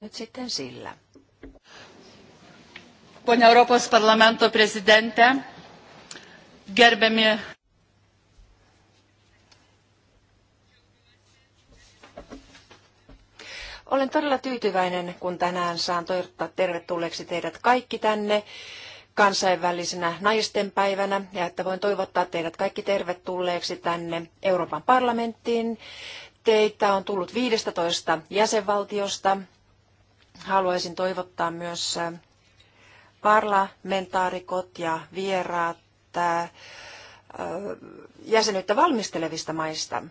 nyt sitten sillä. Pone Europos parlamento presidente, gerbiami Olen todella tyytyväinen, kun tänään saan toivottaa tervetulleeksi teidät kaikki tänne kansainvälisenä naistenpäivänä ja että voin toivottaa teidät kaikki tervetulleeksi tänne Euroopan parlamenttiin. Teitä on tullut 15 jäsenvaltiosta haluaisin toivottaa myös parlamentaarikot ja vieraat jäsenyyttä valmistelevista maista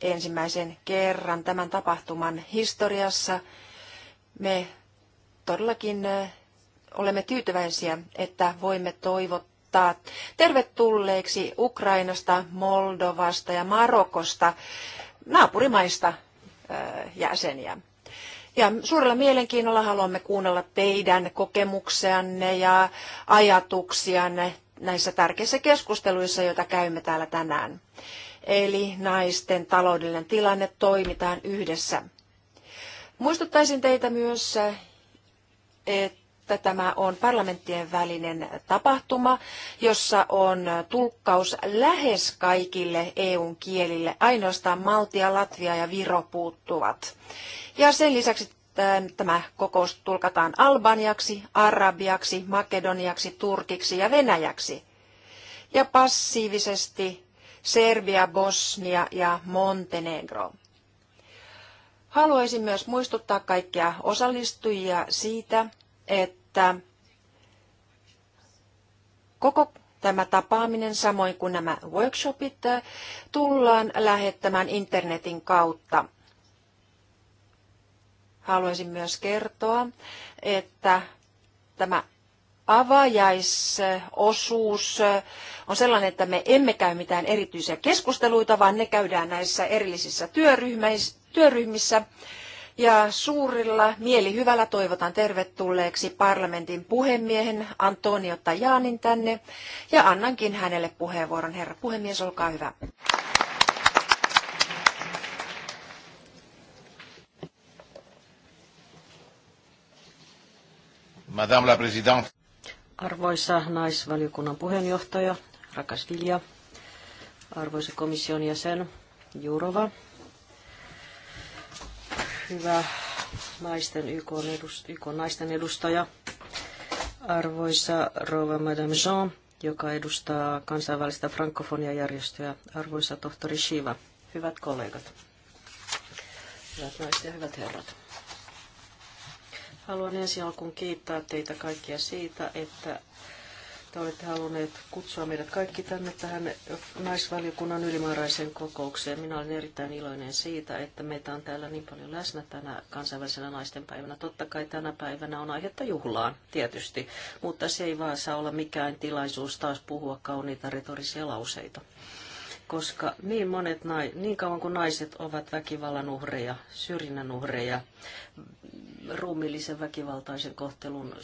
ensimmäisen kerran tämän tapahtuman historiassa. Me todellakin olemme tyytyväisiä, että voimme toivottaa tervetulleeksi Ukrainasta, Moldovasta ja Marokosta naapurimaista jäseniä. Ja suurella mielenkiinnolla haluamme kuunnella teidän kokemuksianne ja ajatuksianne näissä tärkeissä keskusteluissa, joita käymme täällä tänään. Eli naisten taloudellinen tilanne toimitaan yhdessä. Muistuttaisin teitä myös, että että tämä on parlamenttien välinen tapahtuma, jossa on tulkkaus lähes kaikille EUn kielille. Ainoastaan Maltia, Latvia ja Viro puuttuvat. Ja sen lisäksi ähm, tämä kokous tulkataan albaniaksi, arabiaksi, makedoniaksi, turkiksi ja venäjäksi. Ja passiivisesti Serbia, Bosnia ja Montenegro. Haluaisin myös muistuttaa kaikkia osallistujia siitä, että koko tämä tapaaminen, samoin kuin nämä workshopit, tullaan lähettämään internetin kautta. Haluaisin myös kertoa, että tämä avajaisosuus on sellainen, että me emme käy mitään erityisiä keskusteluita, vaan ne käydään näissä erillisissä työryhmissä ja suurilla mielihyvällä toivotan tervetulleeksi parlamentin puhemiehen Antonio Tajanin tänne ja annankin hänelle puheenvuoron. Herra puhemies, olkaa hyvä. Madame la Présidente. Arvoisa naisvaliokunnan puheenjohtaja, rakas Vilja, arvoisa komission jäsen Jurova, hyvä naisten YK, edust, YK naisten edustaja, arvoisa rouva Madame Jean, joka edustaa kansainvälistä frankofonia-järjestöä, arvoisa tohtori Shiva, hyvät kollegat, hyvät naiset ja hyvät herrat. Haluan ensi alkuun kiittää teitä kaikkia siitä, että että olette halunneet kutsua meidät kaikki tänne tähän naisvaliokunnan ylimääräiseen kokoukseen. Minä olen erittäin iloinen siitä, että meitä on täällä niin paljon läsnä tänä kansainvälisenä päivänä. Totta kai tänä päivänä on aihetta juhlaan, tietysti, mutta se ei vaan saa olla mikään tilaisuus taas puhua kauniita retorisia lauseita koska niin monet nai, niin kauan kuin naiset ovat väkivallan uhreja, syrjinnän uhreja, ruumiillisen väkivaltaisen kohtelun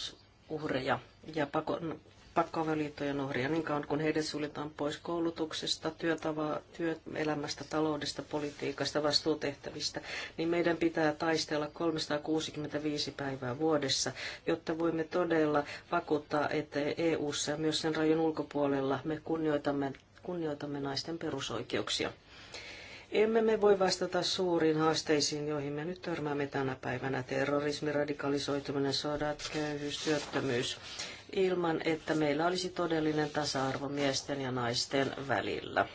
uhreja ja pakon, pakkoavioliittojen uhria niin kauan, kun heidät suljetaan pois koulutuksesta, työtavaa, työelämästä, taloudesta, politiikasta, vastuutehtävistä, niin meidän pitää taistella 365 päivää vuodessa, jotta voimme todella vakuuttaa, että EU-ssa ja myös sen rajan ulkopuolella me kunnioitamme, kunnioitamme naisten perusoikeuksia. Emme me voi vastata suuriin haasteisiin, joihin me nyt törmäämme tänä päivänä. Terrorismi, radikalisoituminen, sodat, köyhyys, työttömyys ilman, että meillä olisi todellinen tasa-arvo miesten ja naisten välillä.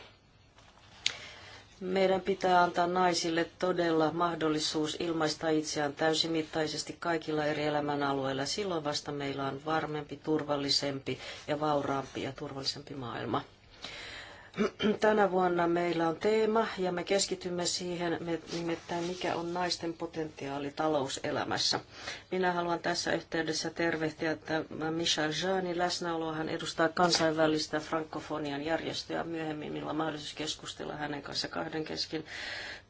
Meidän pitää antaa naisille todella mahdollisuus ilmaista itseään täysimittaisesti kaikilla eri elämänalueilla. Silloin vasta meillä on varmempi, turvallisempi ja vauraampi ja turvallisempi maailma. Tänä vuonna meillä on teema ja me keskitymme siihen nimittäin mikä on naisten potentiaali talouselämässä. Minä haluan tässä yhteydessä tervehtiä että Michel Jeanin läsnäoloa. Hän edustaa kansainvälistä frankofonian järjestöä. Myöhemmin millä on mahdollisuus keskustella hänen kanssa kahden kesken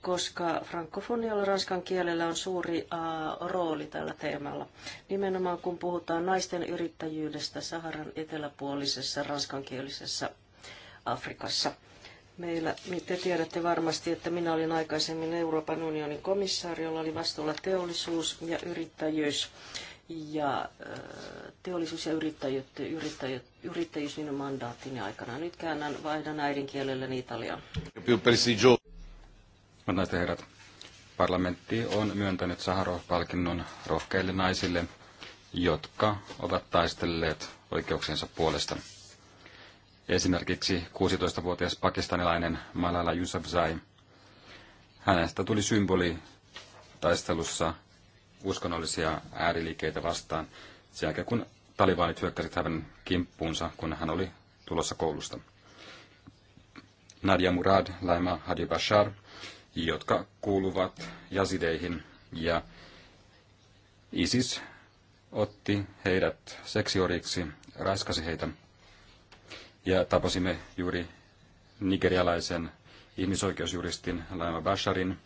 koska frankofonialla ranskan kielellä on suuri uh, rooli tällä teemalla. Nimenomaan kun puhutaan naisten yrittäjyydestä Saharan eteläpuolisessa ranskankielisessä Afrikassa. Meillä, te tiedätte varmasti, että minä olin aikaisemmin Euroopan unionin komissaari, jolla oli vastuulla teollisuus ja yrittäjyys. Ja äh, teollisuus ja yrittäjyys, yrittäjyys, yrittäjyys minun mandaattini aikana. Nyt käännän, vaihdan äidinkielelläni italian. Hyvät herrat, parlamentti on myöntänyt Saharov-palkinnon rohkeille naisille, jotka ovat taistelleet oikeuksiensa puolesta. Esimerkiksi 16-vuotias pakistanilainen Malala Yousafzai. Hänestä tuli symboli taistelussa uskonnollisia ääriliikkeitä vastaan sen jälkeen, kun talibanit hyökkäsivät hänen kimppuunsa, kun hän oli tulossa koulusta. Nadia Murad, Laima Hadi Bashar, jotka kuuluvat jasideihin ja ISIS otti heidät seksioriksi, raiskasi heitä – ja tapasimme juuri nigerialaisen ihmisoikeusjuristin Laima Basharin,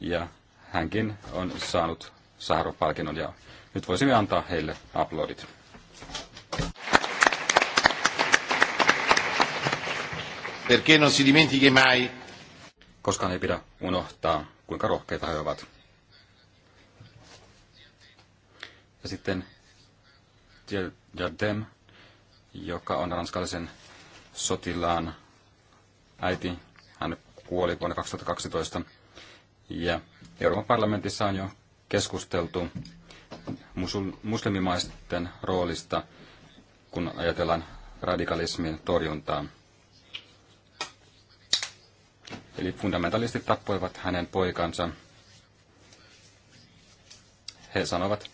ja hänkin on saanut Saharov-palkinnon, ja nyt voisimme antaa heille aplodit. Perché non si dimentichi mai? Koskaan ei pidä unohtaa, kuinka rohkeita he ovat. Ja sitten Jardem joka on ranskalaisen sotilaan äiti. Hän kuoli vuonna 2012. Ja Euroopan parlamentissa on jo keskusteltu muslimimaisten roolista, kun ajatellaan radikalismin torjuntaa. Eli fundamentalistit tappoivat hänen poikansa. He sanovat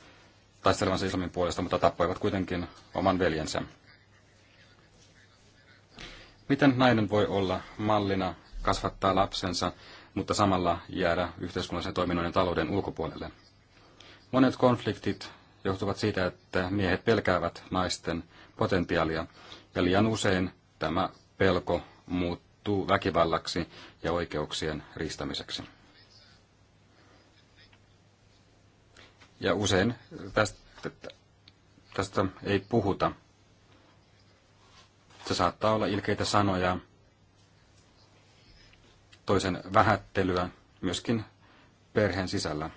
taistelevansa islamin puolesta, mutta tappoivat kuitenkin oman veljensä. Miten nainen voi olla mallina, kasvattaa lapsensa, mutta samalla jäädä yhteiskunnallisen toiminnon ja talouden ulkopuolelle? Monet konfliktit johtuvat siitä, että miehet pelkäävät naisten potentiaalia, ja liian usein tämä pelko muuttuu väkivallaksi ja oikeuksien riistämiseksi. Ja usein tästä, tästä ei puhuta. Se saattaa olla ilkeitä sanoja, toisen vähättelyä, myöskin perheen sisällä.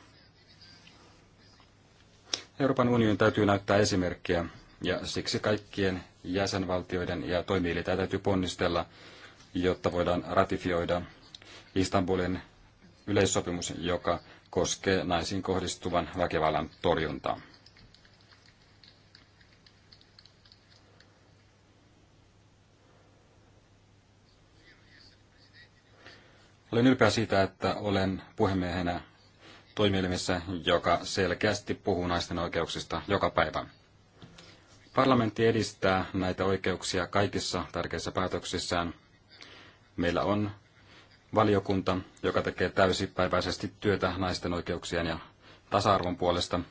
Euroopan unionin täytyy näyttää esimerkkiä, ja siksi kaikkien jäsenvaltioiden ja toimielintä täytyy ponnistella, jotta voidaan ratifioida Istanbulin yleissopimus, joka koskee naisiin kohdistuvan väkivallan torjuntaa. Olen ylpeä siitä, että olen puhemiehenä toimielimissä, joka selkeästi puhuu naisten oikeuksista joka päivä. Parlamentti edistää näitä oikeuksia kaikissa tärkeissä päätöksissään. Meillä on valiokunta, joka tekee täysipäiväisesti työtä naisten oikeuksien ja tasa-arvon puolesta –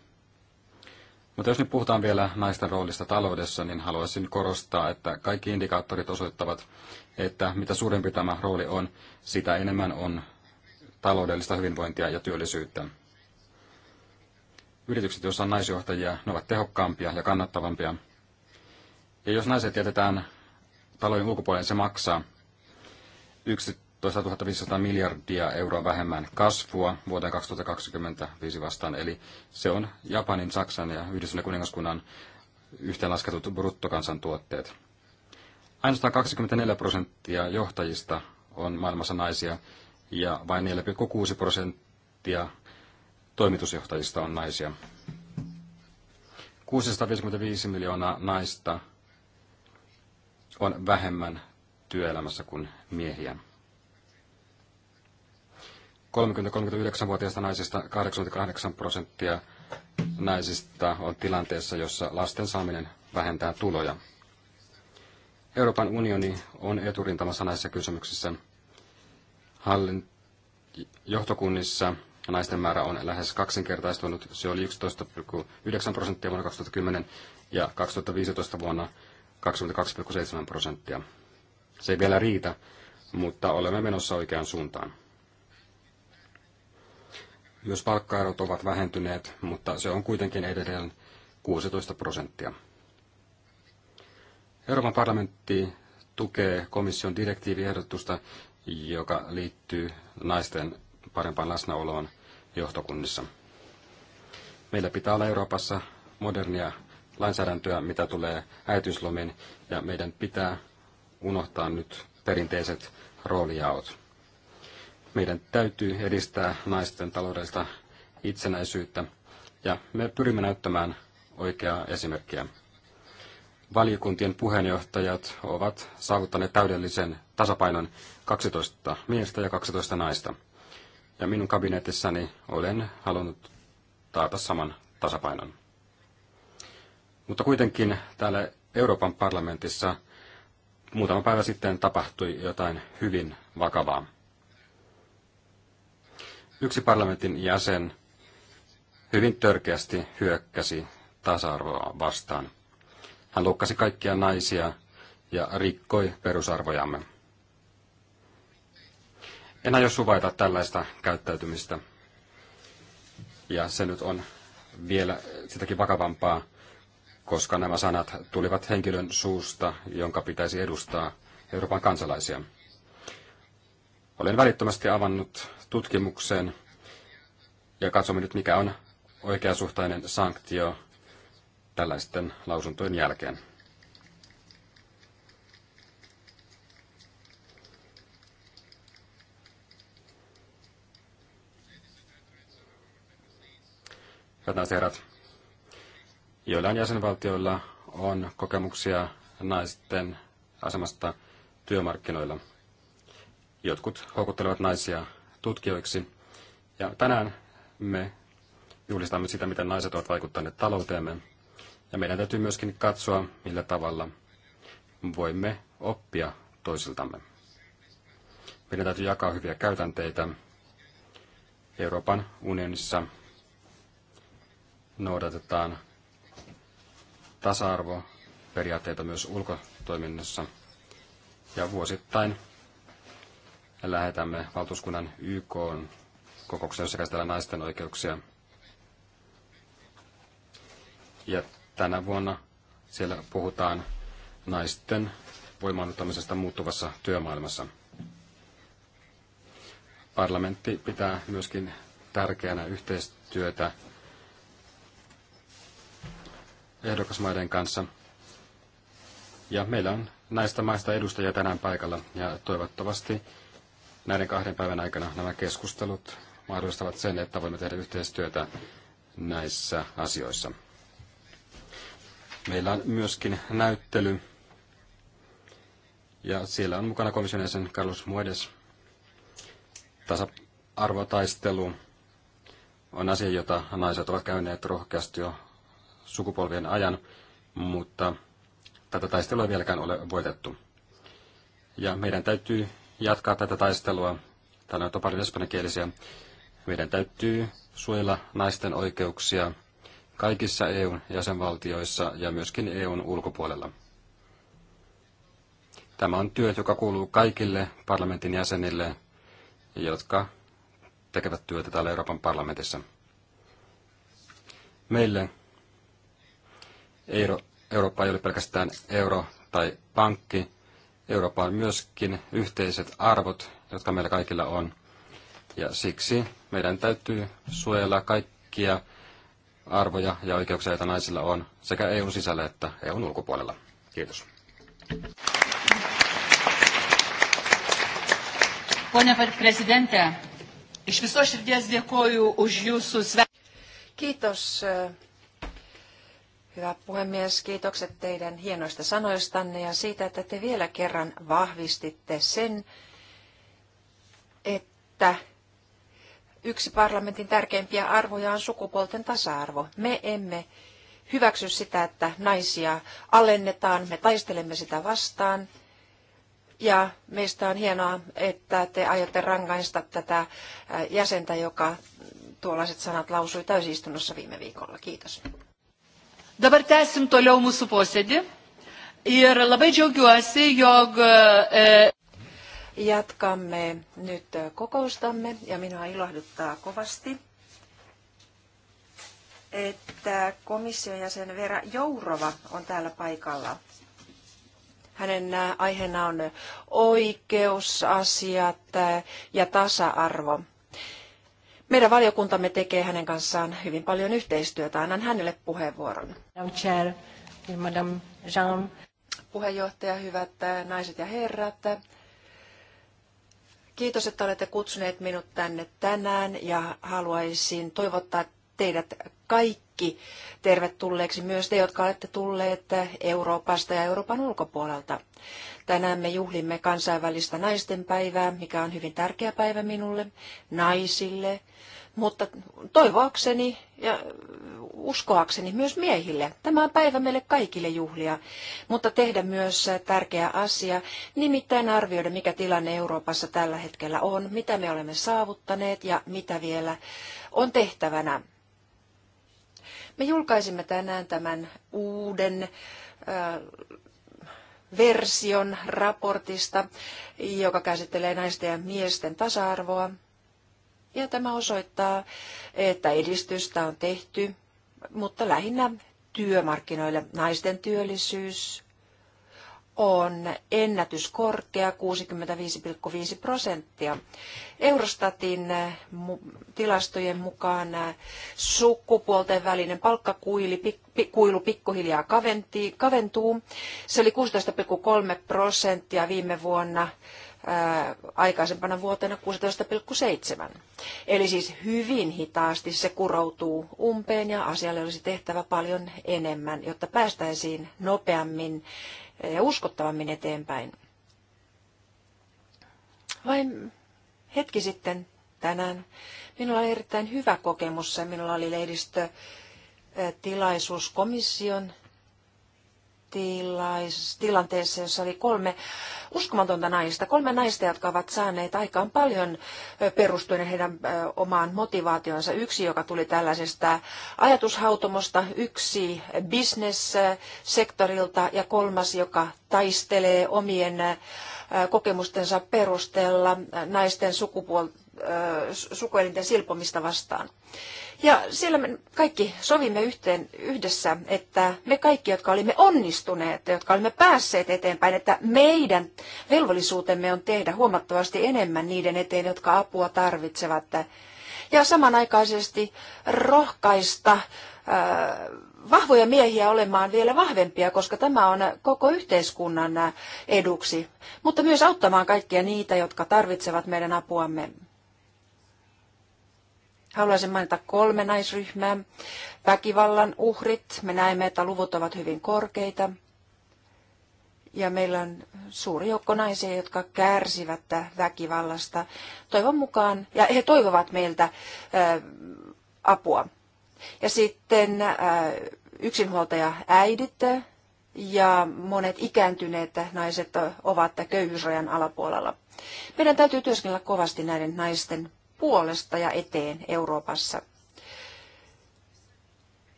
mutta jos nyt puhutaan vielä naisten roolista taloudessa, niin haluaisin korostaa, että kaikki indikaattorit osoittavat, että mitä suurempi tämä rooli on, sitä enemmän on taloudellista hyvinvointia ja työllisyyttä. Yritykset, joissa on naisjohtajia, ne ovat tehokkaampia ja kannattavampia. Ja jos naiset jätetään talojen ulkopuolelle, niin se maksaa. Yksi toisaalta 1500 miljardia euroa vähemmän kasvua vuoteen 2025 vastaan, eli se on Japanin, Saksan ja Yhdistyneen kuningaskunnan yhteenlasketut bruttokansantuotteet. Ainoastaan 24 prosenttia johtajista on maailmassa naisia ja vain 4,6 prosenttia toimitusjohtajista on naisia. 655 miljoonaa naista on vähemmän työelämässä kuin miehiä. 30-39-vuotiaista naisista 88 prosenttia naisista on tilanteessa, jossa lasten saaminen vähentää tuloja. Euroopan unioni on eturintamassa näissä kysymyksissä. Hallin johtokunnissa naisten määrä on lähes kaksinkertaistunut. Se oli 11,9 prosenttia vuonna 2010 ja 2015 vuonna 22,7 prosenttia. Se ei vielä riitä, mutta olemme menossa oikeaan suuntaan myös palkkaerot ovat vähentyneet, mutta se on kuitenkin edelleen 16 prosenttia. Euroopan parlamentti tukee komission direktiiviehdotusta, joka liittyy naisten parempaan läsnäoloon johtokunnissa. Meillä pitää olla Euroopassa modernia lainsäädäntöä, mitä tulee äitiyslomiin, ja meidän pitää unohtaa nyt perinteiset roolijaot. Meidän täytyy edistää naisten taloudellista itsenäisyyttä ja me pyrimme näyttämään oikeaa esimerkkiä. Valiokuntien puheenjohtajat ovat saavuttaneet täydellisen tasapainon 12 miestä ja 12 naista. Ja minun kabinetissani olen halunnut taata saman tasapainon. Mutta kuitenkin täällä Euroopan parlamentissa muutama päivä sitten tapahtui jotain hyvin vakavaa. Yksi parlamentin jäsen hyvin törkeästi hyökkäsi tasa-arvoa vastaan. Hän loukkasi kaikkia naisia ja rikkoi perusarvojamme. En aio suvaita tällaista käyttäytymistä. Ja se nyt on vielä sitäkin vakavampaa, koska nämä sanat tulivat henkilön suusta, jonka pitäisi edustaa Euroopan kansalaisia. Olen välittömästi avannut tutkimuksen ja katsomme nyt, mikä on oikeasuhtainen sanktio tällaisten lausuntojen jälkeen. Hyvät naiset herrat, joillain jäsenvaltioilla on kokemuksia naisten asemasta työmarkkinoilla – Jotkut houkuttelevat naisia tutkijoiksi. Ja tänään me julistamme sitä, miten naiset ovat vaikuttaneet talouteemme. Ja meidän täytyy myöskin katsoa, millä tavalla voimme oppia toisiltamme. Meidän täytyy jakaa hyviä käytänteitä Euroopan unionissa noudatetaan tasa-arvoperiaatteita myös ulkotoiminnassa. Ja vuosittain lähetämme valtuuskunnan YK kokoukseen, jossa käsitellään naisten oikeuksia. Ja tänä vuonna siellä puhutaan naisten voimaannuttamisesta muuttuvassa työmaailmassa. Parlamentti pitää myöskin tärkeänä yhteistyötä ehdokasmaiden kanssa. Ja meillä on näistä maista edustajia tänään paikalla ja toivottavasti Näiden kahden päivän aikana nämä keskustelut mahdollistavat sen, että voimme tehdä yhteistyötä näissä asioissa. Meillä on myöskin näyttely, ja siellä on mukana komission jäsen Carlos Muedes. Tasa-arvotaistelu on asia, jota naiset ovat käyneet rohkeasti jo sukupolvien ajan, mutta tätä taistelua ei vieläkään ole voitettu. Ja meidän täytyy jatkaa tätä taistelua. Täällä on paljon espanjakielisiä. Meidän täytyy suojella naisten oikeuksia kaikissa EU jäsenvaltioissa ja myöskin EUn ulkopuolella. Tämä on työ, joka kuuluu kaikille parlamentin jäsenille, jotka tekevät työtä täällä Euroopan parlamentissa. Meille Euro, Eurooppa ei ole pelkästään euro tai pankki, Eurooppa on myöskin yhteiset arvot, jotka meillä kaikilla on. Ja siksi meidän täytyy suojella kaikkia arvoja ja oikeuksia, joita naisilla on, sekä EUn sisällä että EUn ulkopuolella. Kiitos. Kiitos Hyvä puhemies, kiitokset teidän hienoista sanoistanne ja siitä, että te vielä kerran vahvistitte sen, että yksi parlamentin tärkeimpiä arvoja on sukupuolten tasa-arvo. Me emme hyväksy sitä, että naisia alennetaan, me taistelemme sitä vastaan. Ja meistä on hienoa, että te aiotte rangaista tätä jäsentä, joka tuollaiset sanat lausui täysistunnossa viime viikolla. Kiitos. Dabar tęsim toliau mūsų posėdį ir labai džiaugiuosi, jog... E, Jatkamme nyt kokoustamme ja minua ilahduttaa kovasti, että komission jäsen Vera Jourova on täällä paikalla. Hänen aiheena on oikeusasiat ja tasa-arvo. Meidän valiokuntamme tekee hänen kanssaan hyvin paljon yhteistyötä. Annan hänelle puheenvuoron. Chair, Madame Jean. Puheenjohtaja, hyvät äh, naiset ja herrat. Kiitos, että olette kutsuneet minut tänne tänään ja haluaisin toivottaa teidät kaikki tervetulleeksi, myös te, jotka olette tulleet Euroopasta ja Euroopan ulkopuolelta. Tänään me juhlimme kansainvälistä naistenpäivää, mikä on hyvin tärkeä päivä minulle, naisille, mutta toivoakseni ja uskoakseni myös miehille. Tämä on päivä meille kaikille juhlia, mutta tehdä myös tärkeä asia, nimittäin arvioida, mikä tilanne Euroopassa tällä hetkellä on, mitä me olemme saavuttaneet ja mitä vielä on tehtävänä. Me julkaisimme tänään tämän uuden version raportista, joka käsittelee naisten ja miesten tasa-arvoa. Ja tämä osoittaa, että edistystä on tehty, mutta lähinnä työmarkkinoille naisten työllisyys on ennätyskorkea 65,5 prosenttia. Eurostatin tilastojen mukaan äh, sukupuolten välinen palkkakuilu pikkuhiljaa kaventuu. Se oli 16,3 prosenttia viime vuonna aikaisempana vuotena 16,7. Eli siis hyvin hitaasti se kuroutuu umpeen ja asialle olisi tehtävä paljon enemmän, jotta päästäisiin nopeammin ja uskottavammin eteenpäin. Vain hetki sitten tänään minulla oli erittäin hyvä kokemus ja minulla oli lehdistö tilaisuus komission tilanteessa, jossa oli kolme uskomatonta naista, kolme naista, jotka ovat saaneet aikaan paljon perustuen heidän omaan motivaationsa. Yksi, joka tuli tällaisesta ajatushautomosta, yksi bisnessektorilta ja kolmas, joka taistelee omien kokemustensa perusteella naisten sukupuolta sukuelinten silpomista vastaan. Ja siellä me kaikki sovimme yhteen yhdessä, että me kaikki, jotka olimme onnistuneet, jotka olimme päässeet eteenpäin, että meidän velvollisuutemme on tehdä huomattavasti enemmän niiden eteen, jotka apua tarvitsevat. Ja samanaikaisesti rohkaista vahvoja miehiä olemaan vielä vahvempia, koska tämä on koko yhteiskunnan eduksi, mutta myös auttamaan kaikkia niitä, jotka tarvitsevat meidän apuamme. Haluaisin mainita kolme naisryhmää. Väkivallan uhrit. Me näemme, että luvut ovat hyvin korkeita. Ja meillä on suuri joukko naisia, jotka kärsivät väkivallasta. Toivon mukaan, ja he toivovat meiltä ää, apua. Ja sitten ää, yksinhuoltaja äidit ja monet ikääntyneet naiset ovat köyhyysrajan alapuolella. Meidän täytyy työskennellä kovasti näiden naisten puolesta ja eteen Euroopassa.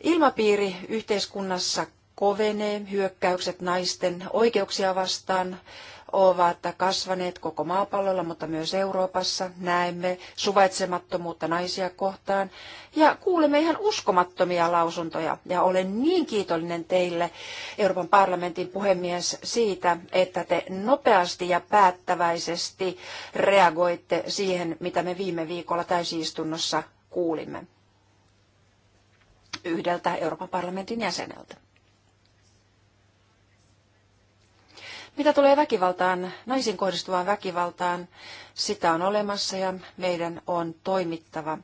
Ilmapiiri yhteiskunnassa kovenee, hyökkäykset naisten oikeuksia vastaan ovat kasvaneet koko maapallolla, mutta myös Euroopassa. Näemme suvaitsemattomuutta naisia kohtaan ja kuulemme ihan uskomattomia lausuntoja. Ja olen niin kiitollinen teille, Euroopan parlamentin puhemies, siitä, että te nopeasti ja päättäväisesti reagoitte siihen, mitä me viime viikolla täysistunnossa kuulimme yhdeltä Euroopan parlamentin jäseneltä. Mitä tulee väkivaltaan, naisiin kohdistuvaan väkivaltaan, sitä on olemassa ja meidän on toimittava.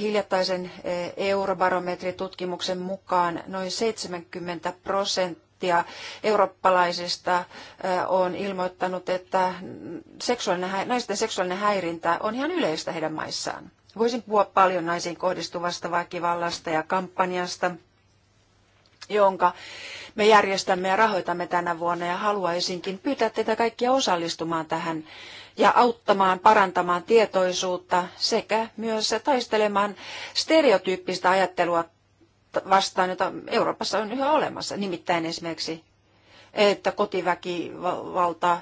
Hiljattaisen eurobarometritutkimuksen mukaan noin 70 prosenttia eurooppalaisista on ilmoittanut, että seksuaalinen, naisten seksuaalinen häirintä on ihan yleistä heidän maissaan. Voisin puhua paljon naisiin kohdistuvasta väkivallasta ja kampanjasta, jonka me järjestämme ja rahoitamme tänä vuonna ja haluaisinkin pyytää teitä kaikkia osallistumaan tähän ja auttamaan parantamaan tietoisuutta sekä myös taistelemaan stereotyyppistä ajattelua vastaan, jota Euroopassa on yhä olemassa. Nimittäin esimerkiksi, että kotiväkivalta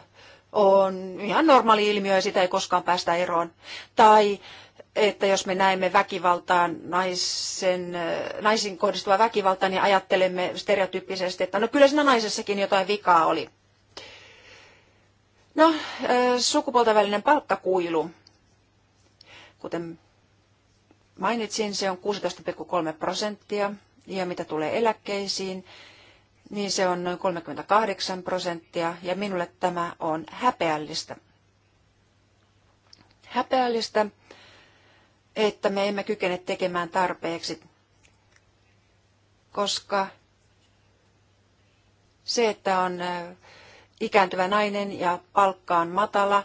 on ihan normaali ilmiö ja sitä ei koskaan päästä eroon. Tai että jos me näemme väkivaltaa, naisen, naisin kohdistuvaa väkivaltaa, niin ajattelemme stereotyyppisesti, että no kyllä siinä naisessakin jotain vikaa oli. No, sukupuolten välinen palkkakuilu, kuten mainitsin, se on 16,3 prosenttia. Ja mitä tulee eläkkeisiin, niin se on noin 38 prosenttia. Ja minulle tämä on häpeällistä. Häpeällistä että me emme kykene tekemään tarpeeksi, koska se, että on ikääntyvä nainen ja palkka on matala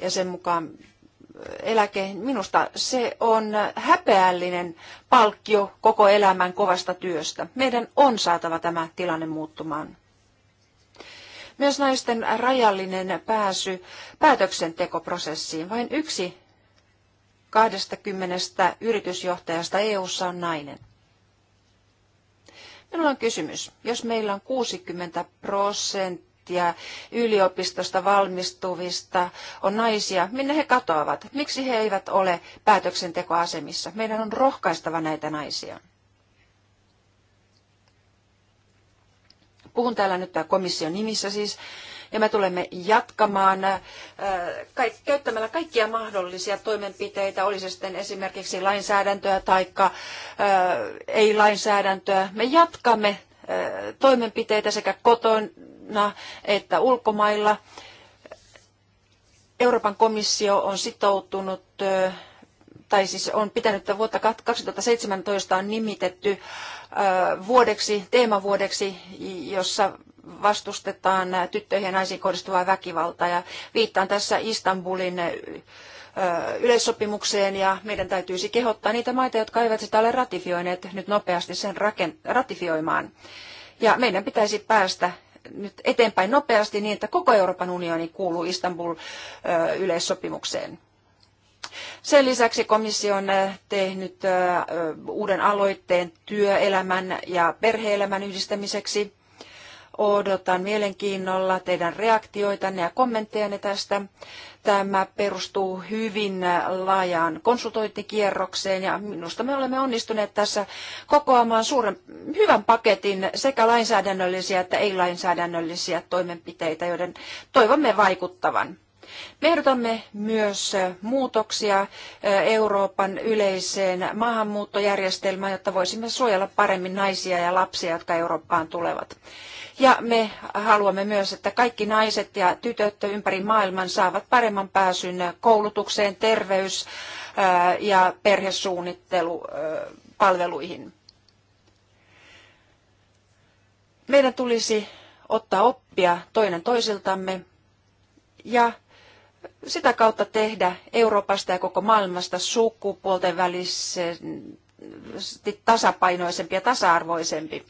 ja sen mukaan eläke, minusta se on häpeällinen palkkio koko elämän kovasta työstä. Meidän on saatava tämä tilanne muuttumaan. Myös naisten rajallinen pääsy päätöksentekoprosessiin. Vain yksi 20 yritysjohtajasta EU:ssa on nainen. Minulla on kysymys. Jos meillä on 60 prosenttia yliopistosta valmistuvista on naisia, minne he katoavat? Miksi he eivät ole päätöksentekoasemissa? Meidän on rohkaistava näitä naisia. Puhun täällä nyt komission nimissä siis, ja me tulemme jatkamaan äh, käyttämällä kaikkia mahdollisia toimenpiteitä, oli se sitten esimerkiksi lainsäädäntöä tai äh, ei-lainsäädäntöä. Me jatkamme äh, toimenpiteitä sekä kotona että ulkomailla. Euroopan komissio on sitoutunut tai siis on pitänyt että vuotta 2017 on nimitetty vuodeksi, teemavuodeksi, jossa vastustetaan tyttöihin ja naisiin kohdistuvaa väkivaltaa. Ja viittaan tässä Istanbulin yleissopimukseen ja meidän täytyisi kehottaa niitä maita, jotka eivät sitä ole ratifioineet, nyt nopeasti sen ratifioimaan. Ja meidän pitäisi päästä nyt eteenpäin nopeasti niin, että koko Euroopan unioni kuuluu Istanbul-yleissopimukseen. Sen lisäksi komissio on tehnyt uuden aloitteen työelämän ja perheelämän yhdistämiseksi. Odotan mielenkiinnolla teidän reaktioitanne ja kommenttejanne tästä. Tämä perustuu hyvin laajaan konsultointikierrokseen ja minusta me olemme onnistuneet tässä kokoamaan suuren, hyvän paketin sekä lainsäädännöllisiä että ei-lainsäädännöllisiä toimenpiteitä, joiden toivomme vaikuttavan. Me ehdotamme myös muutoksia Euroopan yleiseen maahanmuuttojärjestelmään, jotta voisimme suojella paremmin naisia ja lapsia, jotka Eurooppaan tulevat. Ja me haluamme myös, että kaikki naiset ja tytöt ympäri maailman saavat paremman pääsyn koulutukseen, terveys- ja perhesuunnittelupalveluihin. Meidän tulisi ottaa oppia toinen toisiltamme ja sitä kautta tehdä Euroopasta ja koko maailmasta sukupuolten välisesti tasapainoisempi ja tasa-arvoisempi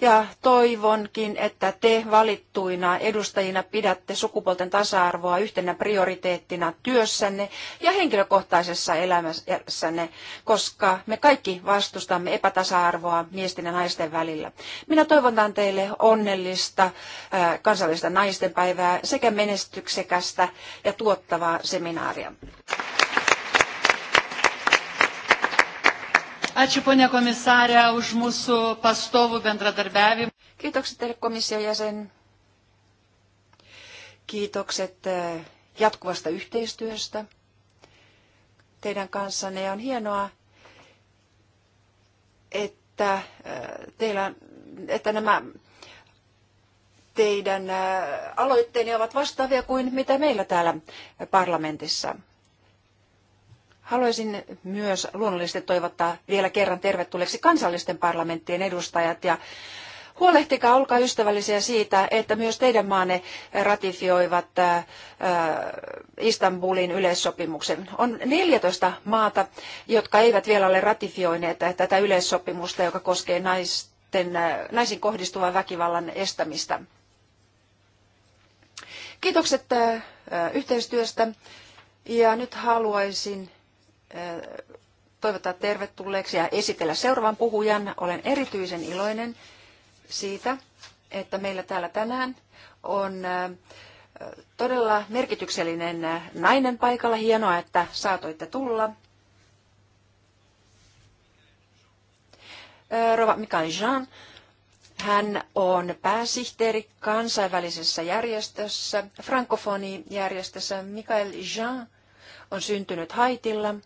ja toivonkin, että te valittuina edustajina pidätte sukupuolten tasa-arvoa yhtenä prioriteettina työssänne ja henkilökohtaisessa elämässänne, koska me kaikki vastustamme epätasa-arvoa miesten ja naisten välillä. Minä toivotan teille onnellista kansallista naistenpäivää sekä menestyksekästä ja tuottavaa seminaaria. Ačiū ponė komisarė už mūsų pastovų bendradarbiavimą. Kiitokset teille komission jäsen. Kiitokset eh, jatkuvasta yhteistyöstä teidän kanssanne. Ja on hienoa, että, eh, teillä, että nämä teidän eh, aloitteeni ovat vastaavia kuin mitä meillä täällä parlamentissa. Haluaisin myös luonnollisesti toivottaa vielä kerran tervetulleeksi kansallisten parlamenttien edustajat ja huolehtikaa, olkaa ystävällisiä siitä, että myös teidän maanne ratifioivat äh, äh, Istanbulin yleissopimuksen. On 14 maata, jotka eivät vielä ole ratifioineet tätä yleissopimusta, joka koskee naisten, äh, naisiin kohdistuvan väkivallan estämistä. Kiitokset yhteistyöstä ja nyt haluaisin toivottaa tervetulleeksi ja esitellä seuraavan puhujan. Olen erityisen iloinen siitä, että meillä täällä tänään on todella merkityksellinen nainen paikalla. Hienoa, että saatoitte tulla. Rova Mikael Jean, hän on pääsihteeri kansainvälisessä järjestössä, frankofoni-järjestössä. Mikael Jean on syntynyt Haitilla –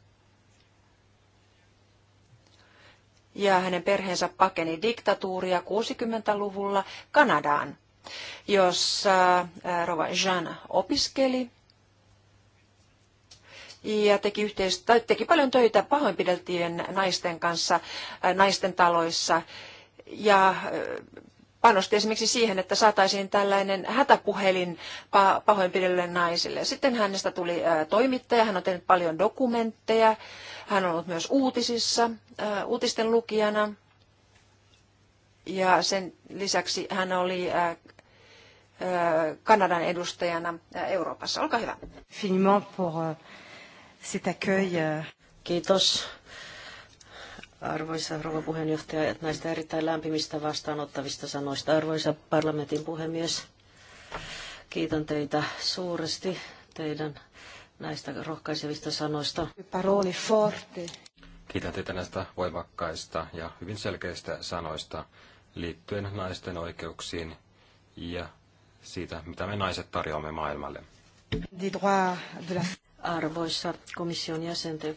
ja hänen perheensä pakeni diktatuuria 60-luvulla Kanadaan, jossa Rova Jean opiskeli ja teki, yhteis- tai teki paljon töitä pahoinpideltien naisten kanssa naisten taloissa ja panosti esimerkiksi siihen, että saataisiin tällainen hätäpuhelin pahoinpidelylle naisille. Sitten hänestä tuli toimittaja, hän on tehnyt paljon dokumentteja, hän on ollut myös uutisissa, uutisten lukijana. Ja sen lisäksi hän oli Kanadan edustajana Euroopassa. Olkaa hyvä. Kiitos Arvoisa rouva puheenjohtaja, näistä erittäin lämpimistä vastaanottavista sanoista. Arvoisa parlamentin puhemies, kiitän teitä suuresti teidän näistä rohkaisevista sanoista. Paroli forte. Kiitän teitä näistä voimakkaista ja hyvin selkeistä sanoista liittyen naisten oikeuksiin ja siitä, mitä me naiset tarjoamme maailmalle. Arvoisa komission jäsen, te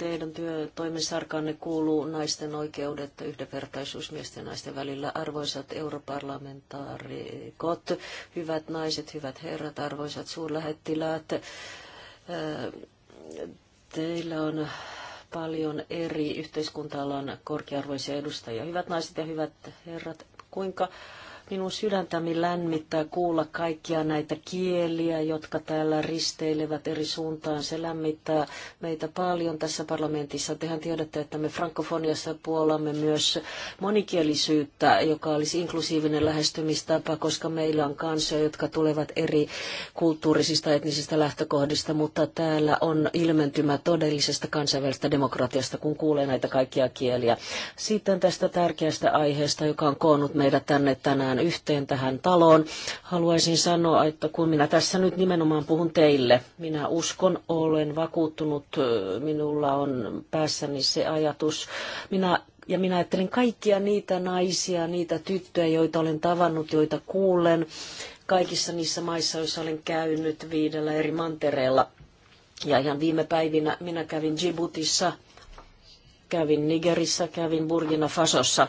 teidän työtoimisarkanne kuuluu naisten oikeudet, yhdenvertaisuus miesten ja naisten välillä. Arvoisat europarlamentaarikot, hyvät naiset, hyvät herrat, arvoisat suurlähettiläät, teillä on paljon eri yhteiskunta-alan korkearvoisia edustajia. Hyvät naiset ja hyvät herrat, kuinka Minun sydäntäni lämmittää kuulla kaikkia näitä kieliä, jotka täällä risteilevät eri suuntaan. Se lämmittää meitä paljon tässä parlamentissa. Tehän tiedätte, että me Frankofoniassa puolamme myös monikielisyyttä, joka olisi inklusiivinen lähestymistapa, koska meillä on kansoja, jotka tulevat eri kulttuurisista etnisistä lähtökohdista, mutta täällä on ilmentymä todellisesta kansainvälisestä demokratiasta, kun kuulee näitä kaikkia kieliä. Sitten tästä tärkeästä aiheesta, joka on koonnut meidät tänne tänään yhteen tähän taloon. Haluaisin sanoa, että kun minä tässä nyt nimenomaan puhun teille, minä uskon, olen vakuuttunut, minulla on päässäni se ajatus. Minä ja minä ajattelin kaikkia niitä naisia, niitä tyttöjä, joita olen tavannut, joita kuulen kaikissa niissä maissa, joissa olen käynyt viidellä eri mantereella. Ja ihan viime päivinä minä kävin Djiboutissa, kävin Nigerissä, kävin Burkina Fasossa.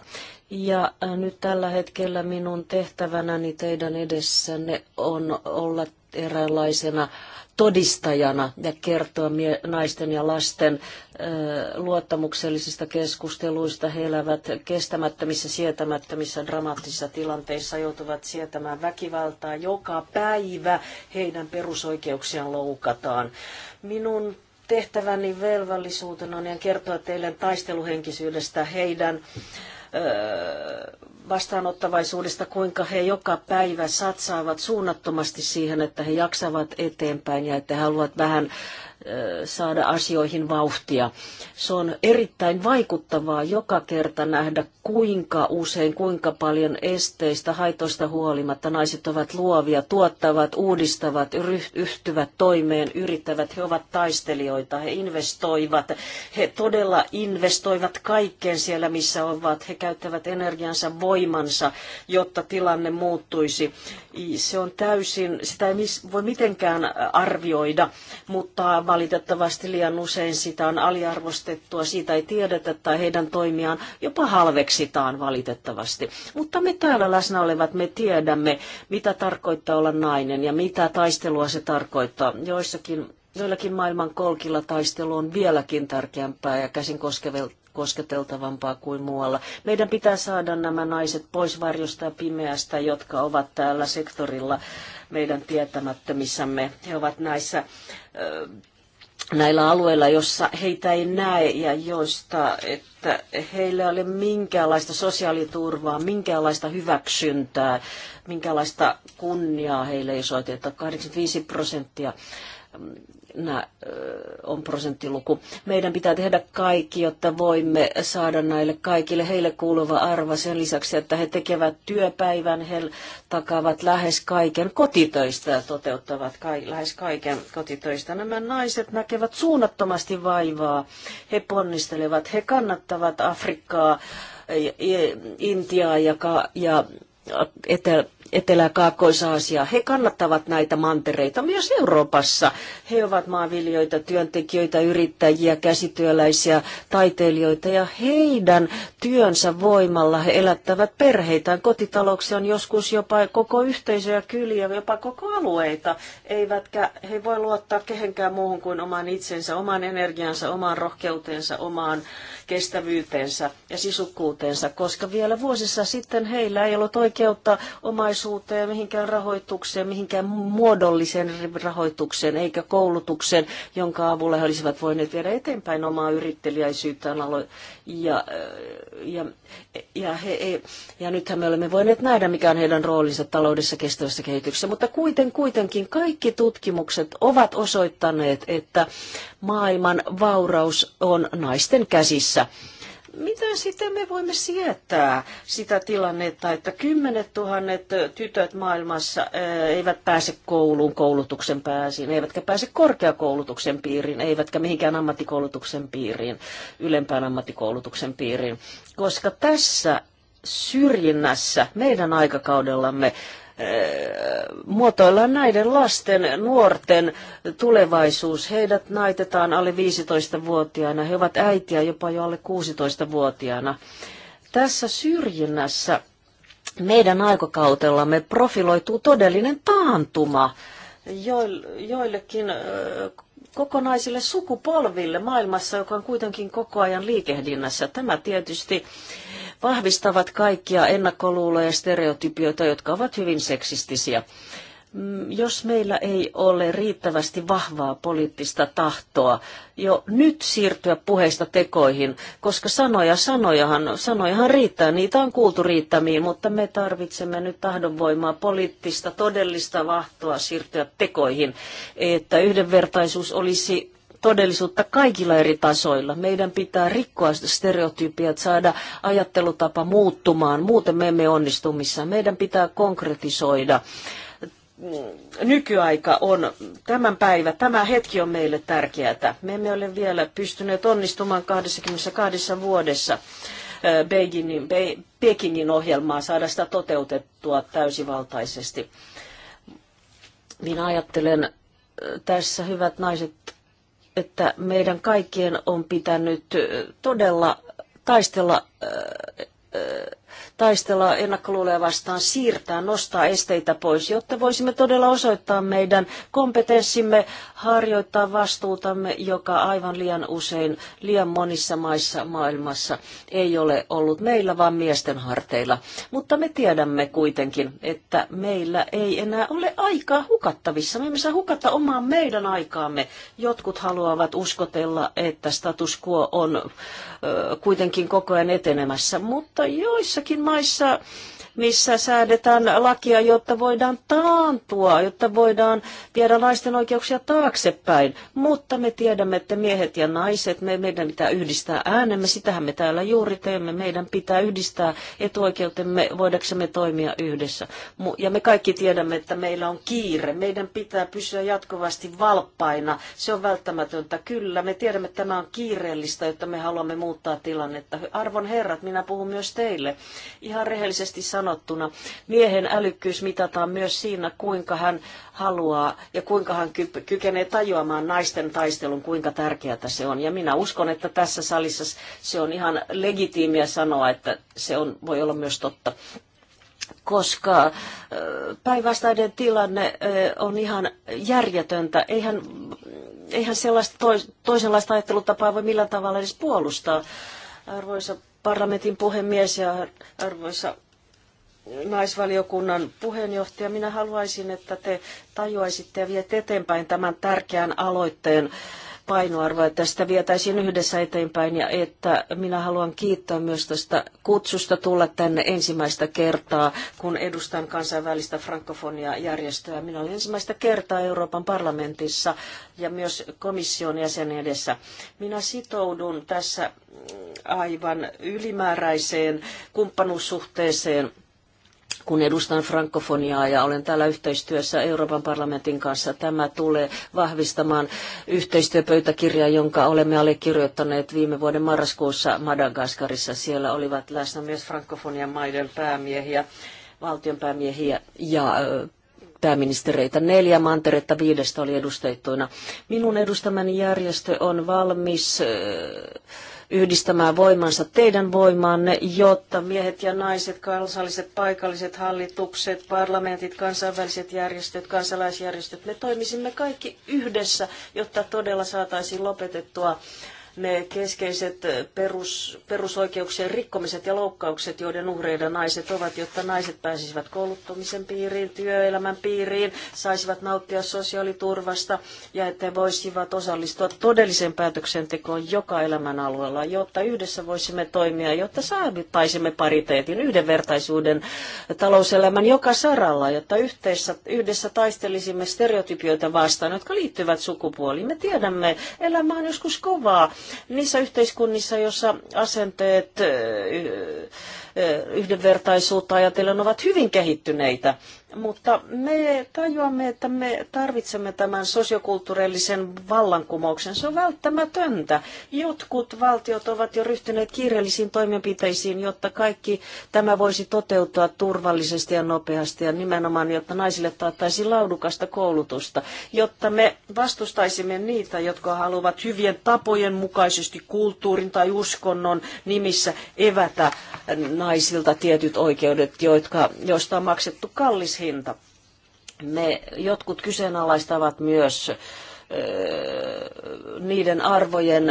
Ja äh, nyt tällä hetkellä minun tehtävänäni teidän edessänne on olla eräänlaisena todistajana ja kertoa naisten ja lasten äh, luottamuksellisista keskusteluista. He elävät kestämättömissä, sietämättömissä, dramaattisissa tilanteissa, joutuvat sietämään väkivaltaa. Joka päivä heidän perusoikeuksiaan loukataan. Minun tehtäväni velvollisuutena on kertoa teille taisteluhenkisyydestä heidän vastaanottavaisuudesta, kuinka he joka päivä satsaavat suunnattomasti siihen, että he jaksavat eteenpäin ja että he haluavat vähän saada asioihin vauhtia. Se on erittäin vaikuttavaa joka kerta nähdä, kuinka usein, kuinka paljon esteistä, haitoista huolimatta naiset ovat luovia, tuottavat, uudistavat, yhtyvät toimeen, yrittävät. He ovat taistelijoita, he investoivat. He todella investoivat kaikkeen siellä, missä ovat. He käyttävät energiansa, voimansa, jotta tilanne muuttuisi. Se on täysin, sitä ei voi mitenkään arvioida, mutta Valitettavasti liian usein sitä on aliarvostettua, siitä ei tiedetä tai heidän toimiaan jopa halveksitaan valitettavasti. Mutta me täällä läsnä olevat, me tiedämme, mitä tarkoittaa olla nainen ja mitä taistelua se tarkoittaa. Joissakin Joillakin maailman kolkilla taistelu on vieläkin tärkeämpää ja käsin kosketeltavampaa kuin muualla. Meidän pitää saada nämä naiset pois varjosta ja pimeästä, jotka ovat täällä sektorilla meidän tietämättömissämme. He ovat näissä ö, näillä alueilla, jossa heitä ei näe ja joista, että heillä ei ole minkäänlaista sosiaaliturvaa, minkäänlaista hyväksyntää, minkäänlaista kunniaa heille ei soiteta. 85 prosenttia on prosenttiluku. Meidän pitää tehdä kaikki, jotta voimme saada näille kaikille heille kuuluva arva sen lisäksi, että he tekevät työpäivän, he takaavat lähes kaiken kotitöistä ja toteuttavat ka- lähes kaiken kotitöistä. Nämä naiset näkevät suunnattomasti vaivaa, he ponnistelevat, he kannattavat Afrikkaa, Intiaa ja, ja Etelä- Etelä- ja kaakkois He kannattavat näitä mantereita myös Euroopassa. He ovat maanviljoita, työntekijöitä, yrittäjiä, käsityöläisiä, taiteilijoita ja heidän työnsä voimalla he elättävät perheitään, kotitalouksiaan, joskus jopa koko yhteisöjä, kyliä, jopa koko alueita. Eivätkä he voi luottaa kehenkään muuhun kuin omaan itsensä, omaan energiansa, omaan rohkeuteensa, omaan kestävyyteensä ja sisukkuuteensa, koska vielä vuosissa sitten heillä ei ollut oikeutta omaisuuteen turvallisuuteen, mihinkään rahoitukseen, mihinkään muodolliseen rahoitukseen eikä koulutukseen, jonka avulla he olisivat voineet viedä eteenpäin omaa yrittelijäisyyttään. Äh, ja, ja, ja, he, ja nythän me olemme voineet nähdä, mikä on heidän roolinsa taloudessa kestävässä kehityksessä. Mutta kuiten, kuitenkin kaikki tutkimukset ovat osoittaneet, että maailman vauraus on naisten käsissä ja sitten me voimme sietää sitä tilannetta, että kymmenet tuhannet tytöt maailmassa eh, eivät pääse kouluun koulutuksen pääsiin, eivätkä pääse korkeakoulutuksen piiriin, eivätkä mihinkään ammattikoulutuksen piiriin, ylempään ammattikoulutuksen piiriin. Koska tässä syrjinnässä meidän aikakaudellamme muotoillaan näiden lasten, nuorten tulevaisuus. Heidät naitetaan alle 15-vuotiaana, he ovat äitiä jopa jo alle 16-vuotiaana. Tässä syrjinnässä meidän aikakautellamme profiloituu todellinen taantuma joillekin kokonaisille sukupolville maailmassa, joka on kuitenkin koko ajan liikehdinnässä. Tämä tietysti äh, vahvistavat kaikkia ennakkoluuloja ja stereotypioita, jotka ovat hyvin seksistisiä. Mm, jos meillä ei ole riittävästi vahvaa poliittista tahtoa jo nyt siirtyä puheista tekoihin, koska sanoja, sanojahan, sanojahan riittää, niitä on kuultu riittämiin, mutta me tarvitsemme nyt tahdonvoimaa poliittista, todellista vahtoa siirtyä tekoihin, että yhdenvertaisuus olisi todellisuutta kaikilla eri tasoilla. Meidän pitää rikkoa sitä stereotypiat, saada ajattelutapa muuttumaan, muuten me emme onnistu missään. Meidän pitää konkretisoida nykyaika on, tämän päivä, tämä hetki on meille tärkeää. Me emme ole vielä pystyneet onnistumaan 22 vuodessa eh, Beijingin, Be, Pekingin ohjelmaa saada sitä toteutettua täysivaltaisesti. Minä ajattelen eh, tässä, hyvät naiset, että meidän kaikkien on pitänyt todella taistella äh, äh, taistella ennakkoluuloja vastaan, siirtää, nostaa esteitä pois, jotta voisimme todella osoittaa meidän kompetenssimme harjoittaa vastuutamme, joka aivan liian usein, liian monissa maissa maailmassa ei ole ollut meillä, vaan miesten harteilla. Mutta me tiedämme kuitenkin, että meillä ei enää ole aikaa hukattavissa. Me emme saa hukata omaa meidän aikaamme. Jotkut haluavat uskotella, että status quo on ö, kuitenkin koko ajan etenemässä, mutta joissakin maissa missä säädetään lakia, jotta voidaan taantua, jotta voidaan viedä naisten oikeuksia taaksepäin. Mutta me tiedämme, että miehet ja naiset, me, meidän pitää yhdistää äänemme, sitähän me täällä juuri teemme. Meidän pitää yhdistää etuoikeutemme, voidaksemme toimia yhdessä. Ja me kaikki tiedämme, että meillä on kiire. Meidän pitää pysyä jatkuvasti valppaina. Se on välttämätöntä. Kyllä, me tiedämme, että tämä on kiireellistä, jotta me haluamme muuttaa tilannetta. Arvon herrat, minä puhun myös teille. Ihan rehellisesti sanon, sanottuna. Miehen älykkyys mitataan myös siinä, kuinka hän haluaa ja kuinka hän kykenee tajuamaan naisten taistelun, kuinka tärkeää se on. Ja minä uskon, että tässä salissa se on ihan legitiimiä sanoa, että se on, voi olla myös totta koska päinvastainen tilanne on ihan järjetöntä. Eihän, eihän sellaista toisenlaista ajattelutapaa voi millään tavalla edes puolustaa. Arvoisa parlamentin puhemies ja arvoisa naisvaliokunnan puheenjohtaja, minä haluaisin, että te tajuaisitte ja viette eteenpäin tämän tärkeän aloitteen painoarvoa, että sitä vietäisiin yhdessä eteenpäin ja että minä haluan kiittää myös tästä kutsusta tulla tänne ensimmäistä kertaa, kun edustan kansainvälistä frankofonia järjestöä. Minä olen ensimmäistä kertaa Euroopan parlamentissa ja myös komission jäsen edessä. Minä sitoudun tässä aivan ylimääräiseen kumppanuussuhteeseen kun edustan frankofoniaa ja olen täällä yhteistyössä Euroopan parlamentin kanssa. Tämä tulee vahvistamaan yhteistyöpöytäkirjaa, jonka olemme allekirjoittaneet viime vuoden marraskuussa Madagaskarissa. Siellä olivat läsnä myös frankofonian maiden päämiehiä, valtionpäämiehiä ja pääministereitä. Neljä manteretta viidestä oli edustettuina. Minun edustamani järjestö on valmis äh, yhdistämään voimansa teidän voimaanne, jotta miehet ja naiset, kansalliset, paikalliset hallitukset, parlamentit, kansainväliset järjestöt, kansalaisjärjestöt, me toimisimme kaikki yhdessä, jotta todella saataisiin lopetettua ne keskeiset perus, perusoikeuksien rikkomiset ja loukkaukset, joiden uhreina naiset ovat, jotta naiset pääsisivät kouluttamisen piiriin, työelämän piiriin, saisivat nauttia sosiaaliturvasta ja että he voisivat osallistua todelliseen päätöksentekoon joka elämän alueella, jotta yhdessä voisimme toimia, jotta saavuttaisimme pariteetin, yhdenvertaisuuden talouselämän joka saralla, jotta yhdessä taistelisimme stereotypioita vastaan, jotka liittyvät sukupuoliin. Me tiedämme, elämä on joskus kovaa, Niissä yhteiskunnissa, joissa asenteet yhdenvertaisuutta ajatellen ovat hyvin kehittyneitä. Mutta me tajuamme, että me tarvitsemme tämän sosiokulttuurillisen vallankumouksen. Se on välttämätöntä. Jotkut valtiot ovat jo ryhtyneet kiireellisiin toimenpiteisiin, jotta kaikki tämä voisi toteutua turvallisesti ja nopeasti ja nimenomaan, jotta naisille taattaisiin laadukasta koulutusta, jotta me vastustaisimme niitä, jotka haluavat hyvien tapojen mukaisesti kulttuurin tai uskonnon nimissä evätä naisilta tietyt oikeudet, jotka, joista on maksettu kallis hinta. Me jotkut kyseenalaistavat myös niiden arvojen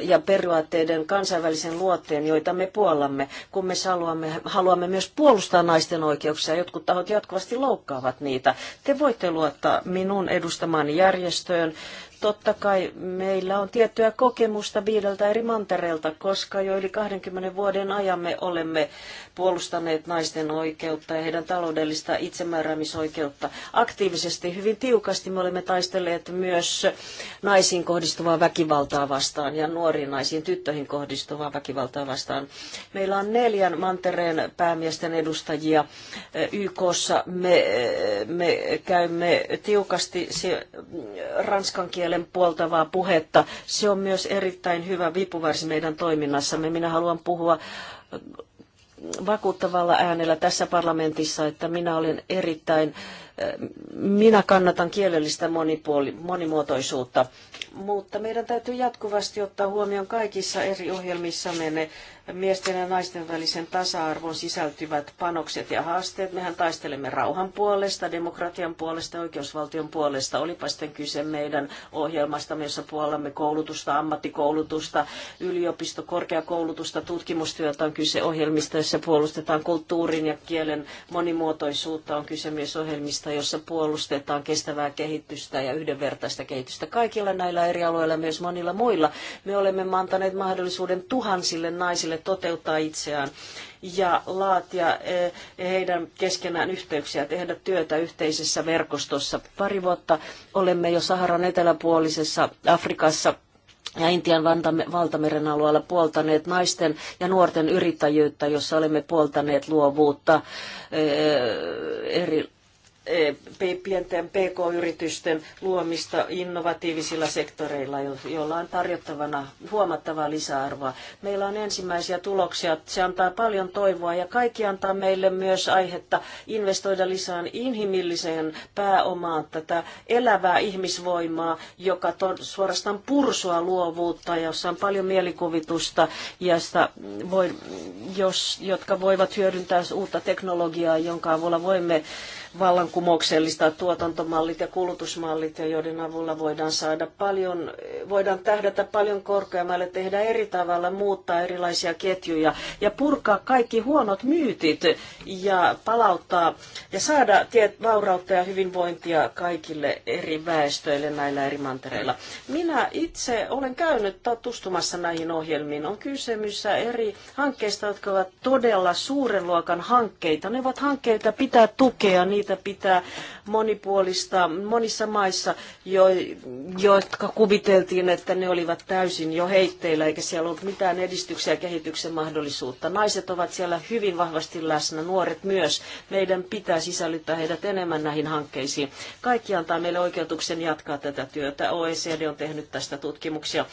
ja periaatteiden kansainvälisen luotteen, joita me puollamme, kun me haluamme, haluamme myös puolustaa naisten oikeuksia. Jotkut tahot jatkuvasti loukkaavat niitä. Te voitte luottaa minun edustamani järjestöön, Totta kai meillä on tiettyä kokemusta viideltä eri mantereelta, koska jo yli 20 vuoden ajan me olemme puolustaneet naisten oikeutta ja heidän taloudellista itsemääräämisoikeutta. Aktiivisesti, hyvin tiukasti me olemme taistelleet myös naisiin kohdistuvaa väkivaltaa vastaan ja nuoriin naisiin tyttöihin kohdistuvaa väkivaltaa vastaan. Meillä on neljän mantereen päämiesten edustajia YKssa. Me, me käymme tiukasti ranskan kielen mielen puoltavaa puhetta. Se on myös erittäin hyvä vipuvarsi meidän toiminnassamme. Minä haluan puhua vakuuttavalla äänellä tässä parlamentissa, että minä olen erittäin, eh, minä kannatan kielellistä monipuoli, monimuotoisuutta, mutta meidän täytyy jatkuvasti ottaa huomioon kaikissa eri ohjelmissamme ne miesten ja naisten välisen tasa-arvon sisältyvät panokset ja haasteet. Mehän taistelemme rauhan puolesta, demokratian puolesta, oikeusvaltion puolesta. Olipa sitten kyse meidän ohjelmastamme, jossa puolellamme koulutusta, ammattikoulutusta, yliopisto, korkeakoulutusta, tutkimustyötä on kyse ohjelmista, joissa puolustetaan kulttuurin ja kielen monimuotoisuutta. On kyse myös ohjelmista, joissa puolustetaan kestävää kehitystä ja yhdenvertaista kehitystä kaikilla näillä eri alueilla ja myös monilla muilla. Me olemme antaneet mahdollisuuden tuhansille naisille toteuttaa itseään ja laatia eh, heidän keskenään yhteyksiä, tehdä työtä yhteisessä verkostossa. Pari vuotta olemme jo Saharan eteläpuolisessa Afrikassa ja Intian valtameren alueella puoltaneet naisten ja nuorten yrittäjyyttä, jossa olemme puoltaneet luovuutta, eh, eri Eh, pienten PK-yritysten luomista innovatiivisilla sektoreilla, joilla on tarjottavana huomattavaa lisäarvoa. Meillä on ensimmäisiä tuloksia, se antaa paljon toivoa ja kaikki antaa meille myös aihetta investoida lisää inhimilliseen pääomaan tätä elävää ihmisvoimaa, joka to, suorastaan pursua luovuutta, jossa on paljon mielikuvitusta, ja sitä voi, jos, jotka voivat hyödyntää uutta teknologiaa, jonka avulla voimme vallankumouksellista tuotantomallit ja kulutusmallit, ja joiden avulla voidaan saada paljon, voidaan tähdätä paljon korkeammalle, tehdä eri tavalla, muuttaa erilaisia ketjuja ja purkaa kaikki huonot myytit ja palauttaa ja saada tiet, vaurautta ja hyvinvointia kaikille eri väestöille näillä eri mantereilla. Minä itse olen käynyt tutustumassa näihin ohjelmiin. On kysymys eri hankkeista, jotka ovat todella suuren luokan hankkeita. Ne ovat hankkeita pitää tukea, niitä Niitä pitää monipuolista monissa maissa, jo, jotka kuviteltiin, että ne olivat täysin jo heitteillä, eikä siellä ollut mitään edistyksiä ja kehityksen mahdollisuutta. Naiset ovat siellä hyvin vahvasti läsnä, nuoret myös. Meidän pitää sisällyttää heidät enemmän näihin hankkeisiin. Kaikki antaa meille oikeutuksen jatkaa tätä työtä. OECD on tehnyt tästä tutkimuksia.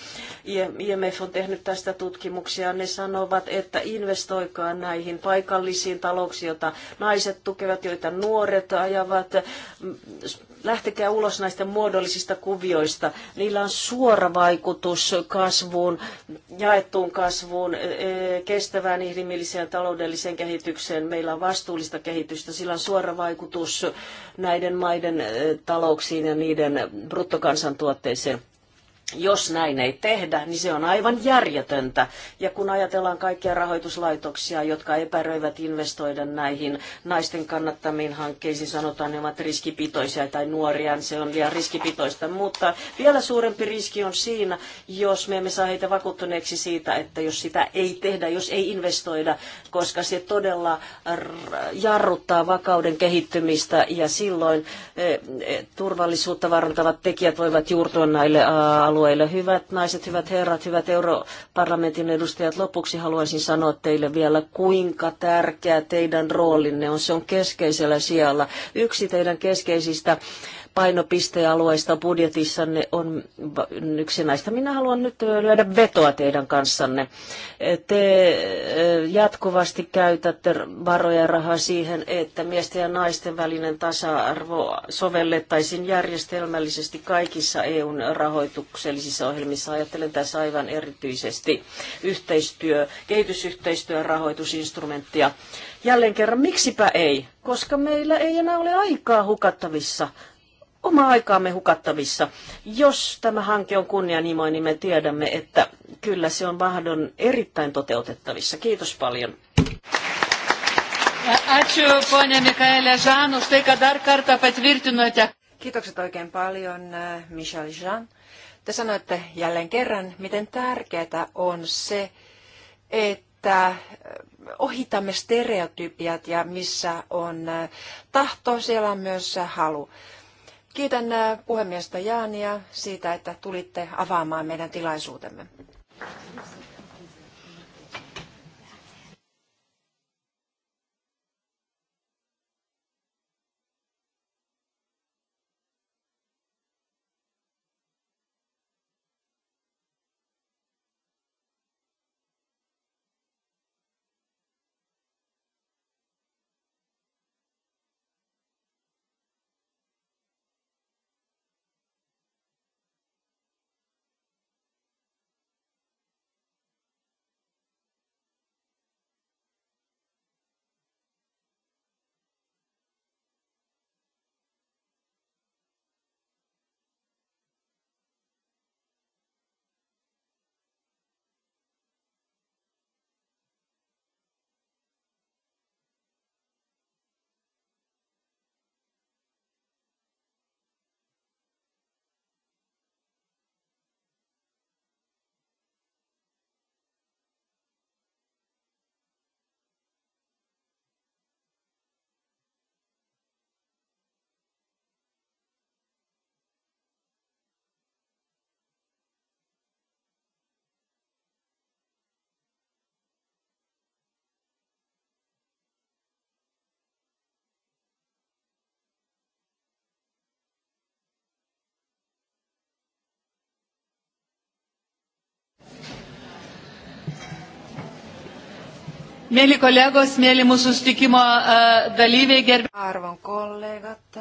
IMF on tehnyt tästä tutkimuksia. Ne sanovat, että investoikaa näihin paikallisiin talouksiin, joita naiset tukevat, joita nuoret ajavat, Mm, lähtekää ulos näistä muodollisista kuvioista. Niillä on suora vaikutus kasvuun, jaettuun kasvuun, e, e, kestävään ihmilliseen taloudelliseen kehitykseen. Meillä on vastuullista kehitystä. Sillä on suora vaikutus näiden maiden e, talouksiin ja niiden bruttokansantuotteeseen. Jos näin ei tehdä, niin se on aivan järjetöntä. Ja kun ajatellaan kaikkia rahoituslaitoksia, jotka epäröivät investoida näihin naisten kannattamiin hankkeisiin, sanotaan ne ovat riskipitoisia tai nuoria, niin se on liian riskipitoista. Mutta vielä suurempi riski on siinä, jos me emme saa heitä vakuuttuneeksi siitä, että jos sitä ei tehdä, jos ei investoida koska se todella jarruttaa vakauden kehittymistä ja silloin eh, eh, turvallisuutta varantavat tekijät voivat juurtua näille alueille. Hyvät naiset, hyvät herrat, hyvät europarlamentin edustajat, lopuksi haluaisin sanoa teille vielä, kuinka tärkeä teidän roolinne on. Se on keskeisellä sijalla. Yksi teidän keskeisistä painopistealueista budjetissanne on yksi näistä. Minä haluan nyt lyödä vetoa teidän kanssanne. E, te jatkuvasti käytätte varoja ja rahaa siihen, että miesten ja naisten välinen tasa-arvo sovellettaisiin järjestelmällisesti kaikissa EUn rahoituksellisissa ohjelmissa. Ajattelen tässä aivan erityisesti yhteistyö, kehitysyhteistyön rahoitusinstrumenttia. Jälleen kerran, miksipä ei? Koska meillä ei enää ole aikaa hukattavissa oma aikaamme hukattavissa. Jos tämä hanke on kunnianhimoinen, niin me tiedämme, että kyllä se on vahdon erittäin toteutettavissa. Kiitos paljon. Kiitokset oikein paljon, eh, Michel Jean. Te sanoitte jälleen kerran, miten tärkeää on se, että eh, ohitamme stereotypiat ja missä on eh, tahto, siellä on myös halu. Kiitän äh, puhemiestä Jaania siitä, että tulitte avaamaan meidän tilaisuutemme. Mieli kolegos, mieli mūsų sustikimo e, dalyviai, gerbė. Arvon kollegat,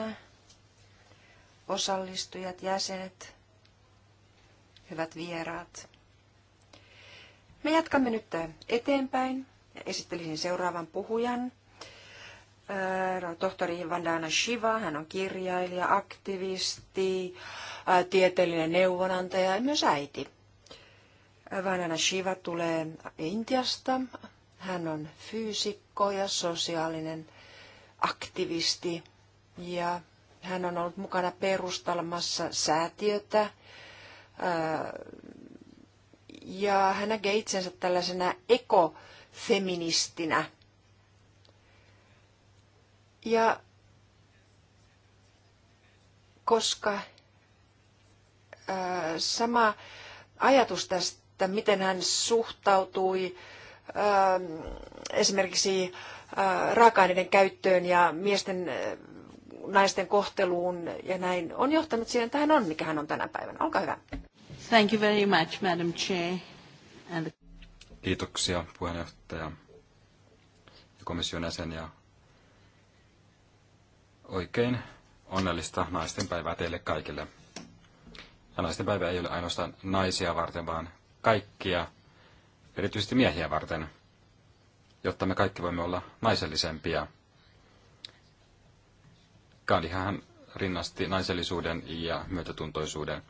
osallistujat, jäsenet, hyvät vieraat. Me jatkamme nyt eteenpäin. Esittelisin seuraavan puhujan. Tohtori Vandana Shiva, hän on kirjailija, aktivisti, tieteellinen neuvonantaja ja myös äiti. Vandana Shiva tulee Intiasta, hän on fyysikko ja sosiaalinen aktivisti ja hän on ollut mukana perustelmassa säätiötä ja hän näkee itsensä tällaisena ekofeministinä. Ja koska sama ajatus tästä, miten hän suhtautui Ähm, esimerkiksi äh, raaka-aineiden käyttöön ja miesten äh, naisten kohteluun ja näin on johtanut siihen, että hän on, mikä hän on tänä päivänä. Olkaa hyvä. Thank you very much, Madam Chair. And... Kiitoksia puheenjohtaja ja komission jäsen ja oikein onnellista naisten päivää teille kaikille. Ja naisten päivä ei ole ainoastaan naisia varten, vaan kaikkia erityisesti miehiä varten, jotta me kaikki voimme olla naisellisempia. Gandhihan rinnasti naisellisuuden ja myötätuntoisuuden,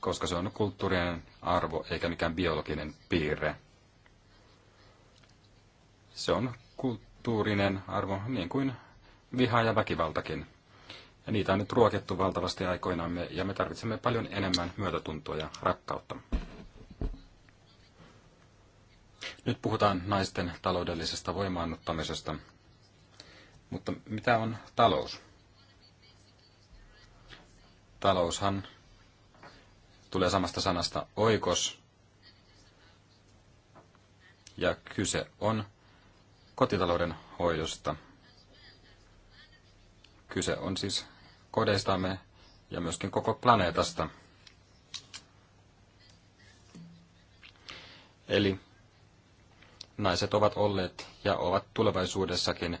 koska se on kulttuurinen arvo eikä mikään biologinen piirre. Se on kulttuurinen arvo niin kuin viha ja väkivaltakin. Ja niitä on nyt ruokettu valtavasti aikoinaan, ja me tarvitsemme paljon enemmän myötätuntoa ja rakkautta. Nyt puhutaan naisten taloudellisesta voimaannuttamisesta. Mutta mitä on talous? Taloushan tulee samasta sanasta oikos. Ja kyse on kotitalouden hoidosta. Kyse on siis kodeistamme ja myöskin koko planeetasta. Eli naiset ovat olleet ja ovat tulevaisuudessakin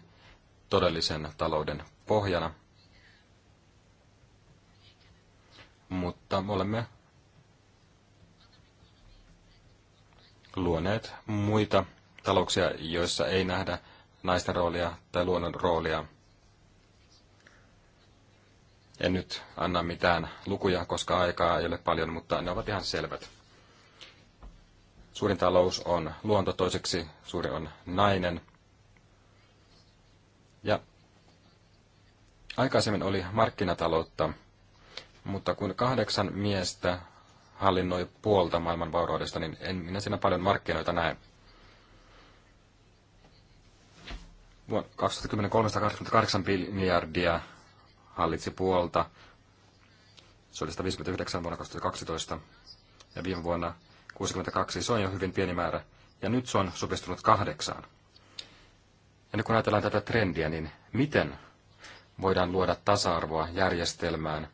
todellisen talouden pohjana. Mutta me olemme luoneet muita talouksia, joissa ei nähdä naisten roolia tai luonnon roolia. En nyt anna mitään lukuja, koska aikaa ei ole paljon, mutta ne ovat ihan selvät. Suurin talous on luonto, toiseksi suuri on nainen. Ja aikaisemmin oli markkinataloutta, mutta kun kahdeksan miestä hallinnoi puolta maailman vauraudesta, niin en minä siinä paljon markkinoita näe. Vuonna 2010 miljardia hallitsi puolta. Se oli 159 vuonna 2012 ja viime vuonna 62, se on jo hyvin pieni määrä, ja nyt se on supistunut kahdeksaan. Ja nyt kun ajatellaan tätä trendiä, niin miten voidaan luoda tasa-arvoa järjestelmään,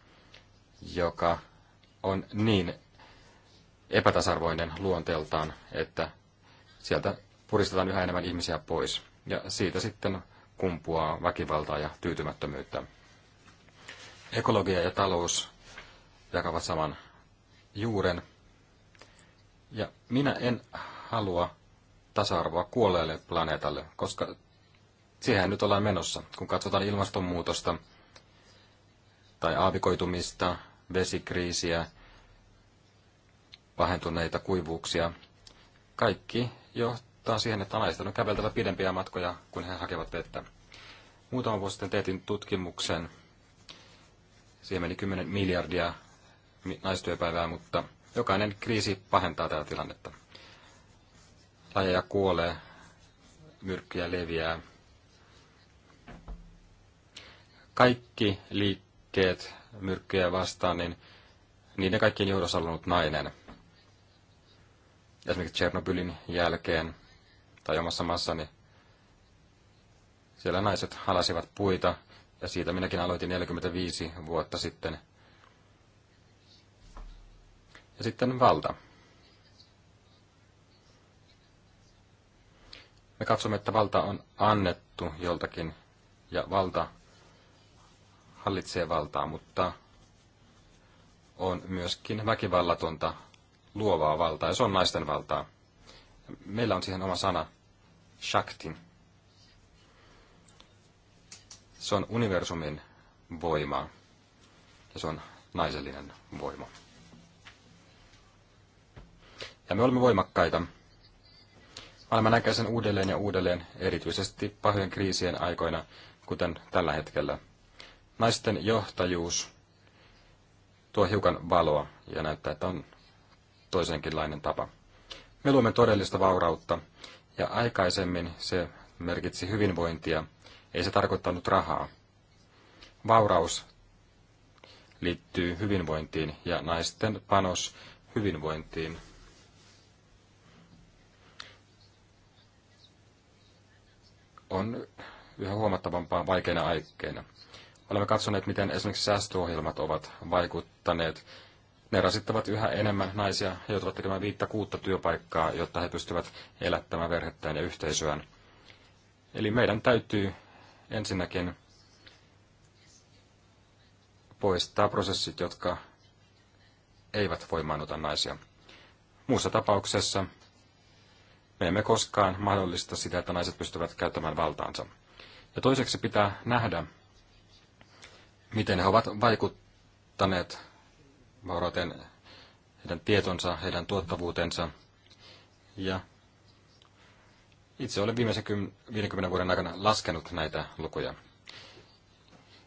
joka on niin epätasarvoinen luonteeltaan, että sieltä puristetaan yhä enemmän ihmisiä pois. Ja siitä sitten kumpuaa väkivaltaa ja tyytymättömyyttä. Ekologia ja talous jakavat saman juuren, ja minä en halua tasa-arvoa kuolleelle planeetalle, koska siihen nyt ollaan menossa. Kun katsotaan ilmastonmuutosta tai aavikoitumista, vesikriisiä, pahentuneita kuivuuksia, kaikki johtaa siihen, että naisten on käveltävä pidempiä matkoja, kun he hakevat vettä. Muutama vuosi sitten teetin tutkimuksen. Siihen meni 10 miljardia naistyöpäivää, mutta Jokainen kriisi pahentaa tätä tilannetta. Lajeja kuolee, myrkkyjä leviää. Kaikki liikkeet myrkkyjä vastaan, niin niiden kaikkien johdossa ollut nainen. Esimerkiksi Tchernobylin jälkeen tai omassa maassani siellä naiset halasivat puita ja siitä minäkin aloitin 45 vuotta sitten – ja sitten valta. Me katsomme, että valta on annettu joltakin ja valta hallitsee valtaa, mutta on myöskin väkivallatonta luovaa valtaa, ja se on naisten valtaa. Meillä on siihen oma sana, Shakti. Se on universumin voimaa, ja se on naisellinen voima. Ja me olemme voimakkaita. Maailma näkee sen uudelleen ja uudelleen, erityisesti pahojen kriisien aikoina, kuten tällä hetkellä. Naisten johtajuus tuo hiukan valoa ja näyttää, että on toisenkinlainen tapa. Me luomme todellista vaurautta, ja aikaisemmin se merkitsi hyvinvointia, ei se tarkoittanut rahaa. Vauraus liittyy hyvinvointiin ja naisten panos hyvinvointiin on yhä huomattavampaa vaikeina aikeina. Olemme katsoneet, miten esimerkiksi säästöohjelmat ovat vaikuttaneet. Ne rasittavat yhä enemmän naisia he joutuvat tekemään viittä kuutta työpaikkaa, jotta he pystyvät elättämään verhettään ja yhteisöään. Eli meidän täytyy ensinnäkin poistaa prosessit, jotka eivät voimaannuta naisia. Muussa tapauksessa me emme koskaan mahdollista sitä, että naiset pystyvät käyttämään valtaansa. Ja toiseksi pitää nähdä, miten he ovat vaikuttaneet vaurauteen, heidän tietonsa, heidän tuottavuutensa. Ja itse olen viimeisen 50 vuoden aikana laskenut näitä lukuja.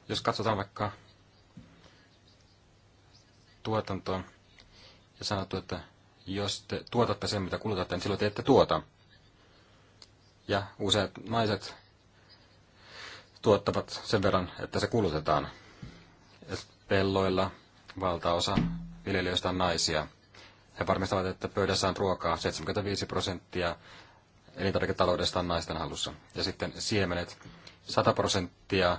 Jos katsotaan vaikka tuotantoa ja sanottu, että jos te tuotatte sen, mitä kulutatte, niin silloin te ette tuota. Ja useat naiset tuottavat sen verran, että se kulutetaan. Pelloilla valtaosa viljelijöistä on naisia. He varmistavat, että pöydässä on ruokaa 75 prosenttia elintarviketaloudesta on naisten hallussa. Ja sitten siemenet, 100 prosenttia